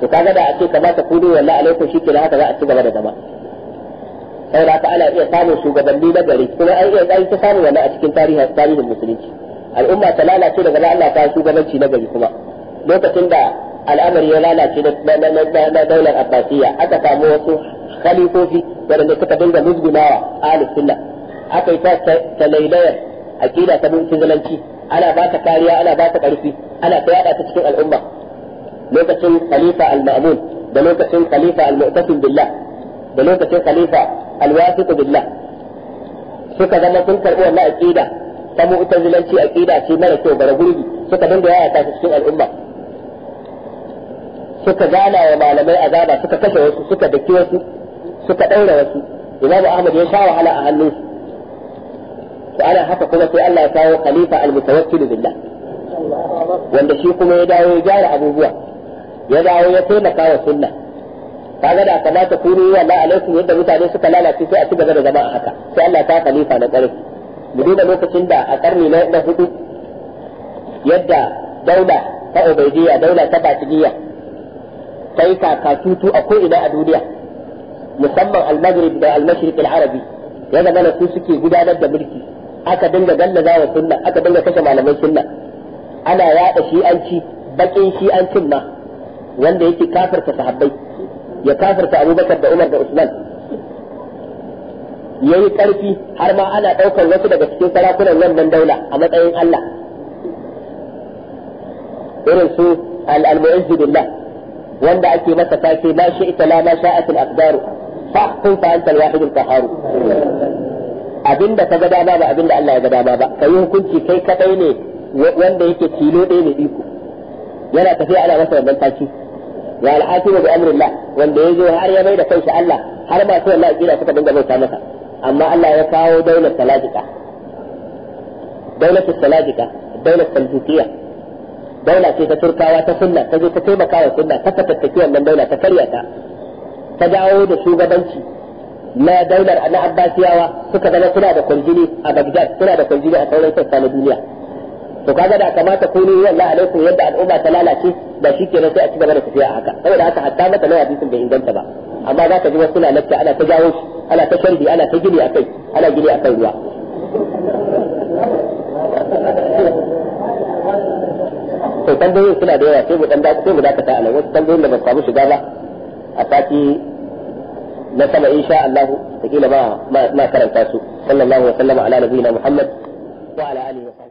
to kaga da a ce kamata ku ne wallahi alaikum shi kenan haka za a ci gaba da zama saboda haka ana iya samun shugabanni na gari kuma an iya an ta samun wannan a cikin tarihin tarihin musulunci al'umma ta lalace daga Allah ta shugabanci na gari kuma lokacin da al'amari ya lalace na daular abbasiya aka samu wasu khalifofi waɗanda suka dinga musgunawa ahlus sunna aka yi ta lailayar aqida ta muntazilanci ana ba ta kariya ana ba ta ƙarfi ana ta yada ta cikin al'umma lokacin khalifa al-ma'mun da lokacin khalifa al-mu'tasim billah da lokacin khalifa al-wasiq billah suka zama sun karɓi wannan aqida ta mu'tazilanci aqida ce mara kyau bara gurbi suka dinga yaya ta cikin al'umma suka gana wa malamai azaba suka kashe wasu suka daki wasu suka ɗaura wasu imamu ahmad ya sha wahala a hannunsu to ana haka kuma sai Allah ya kawo khalifa al-mutawakkil billah wanda shi kuma ya dawo ya gyara abubuwa ya dawo ya taimaka wa sunna kaga da kamata ku ruwa la alaikum yadda mutane suka lalace sai a cigaba da zama a haka sai Allah ya kawo khalifa na ƙarfi mu duba lokacin da a karni na hudu yadda daula ta ubaidiyya daula ta batiniya ta yi kakatutu a ko'ina a duniya musamman al-maghrib da al-mashriq al-arabi ya zama su suke gudanar da mulki aka dinga gallaza wa sunna aka dinga kashe malaman sunna ana yada shi'anci bakin shi'ancin ma wanda yake kafirta sahabbai ya kafirta abubakar da umar da usman ya yi ƙarfi har ma ana ɗaukar wasu daga cikin sarakunan wannan daula a matsayin allah irin su al-mu'izzu billah wanda ake masa take la shi'ta la ma sha'at al aqdar fa kun fa anta al wahid al qahhar abinda ka ga dama ba abinda Allah ya ga dama ba kai hukunci kai kadai ne wanda yake tilo ɗaya ne iko yana tafiya ana masa wannan taki ya al'akibu bi amrillah wanda ya zo har ya bai da kansa Allah har ma sai Allah ya kira suka dinga bauta masa amma Allah ya kawo daular salajika daular salajika daular saljukiya daula ce ta turkawa ta sunna ta je ta taimaka wa sunna ta fatattaki wannan daula ta karya ta ta dawo da shugabanci na daular na abbasiyawa suka zama suna da kwanjini a bagdad suna da kwanjini a sauran sassa na duniya to kaga da kamata ku ne wallahi alaikum yadda al'umma ta lalace da shi kenan sai a ci gaba da tafiya a haka saboda haka hatta mata na hadisin bai inganta ba amma za ka ji wasu na lafiya ana ta jawo shi ana ta sharbi ana ta gini akai ana gini akan ruwa to tambayoyin suna da yawa sai mu dan da sai mu dakata a nan wasu tambayoyin da ba samu shiga ba a sati na sama insha Allah ta kila ba ma karanta su sallallahu alaihi wa sallam ala nabiyina Muhammad wa ala alihi wa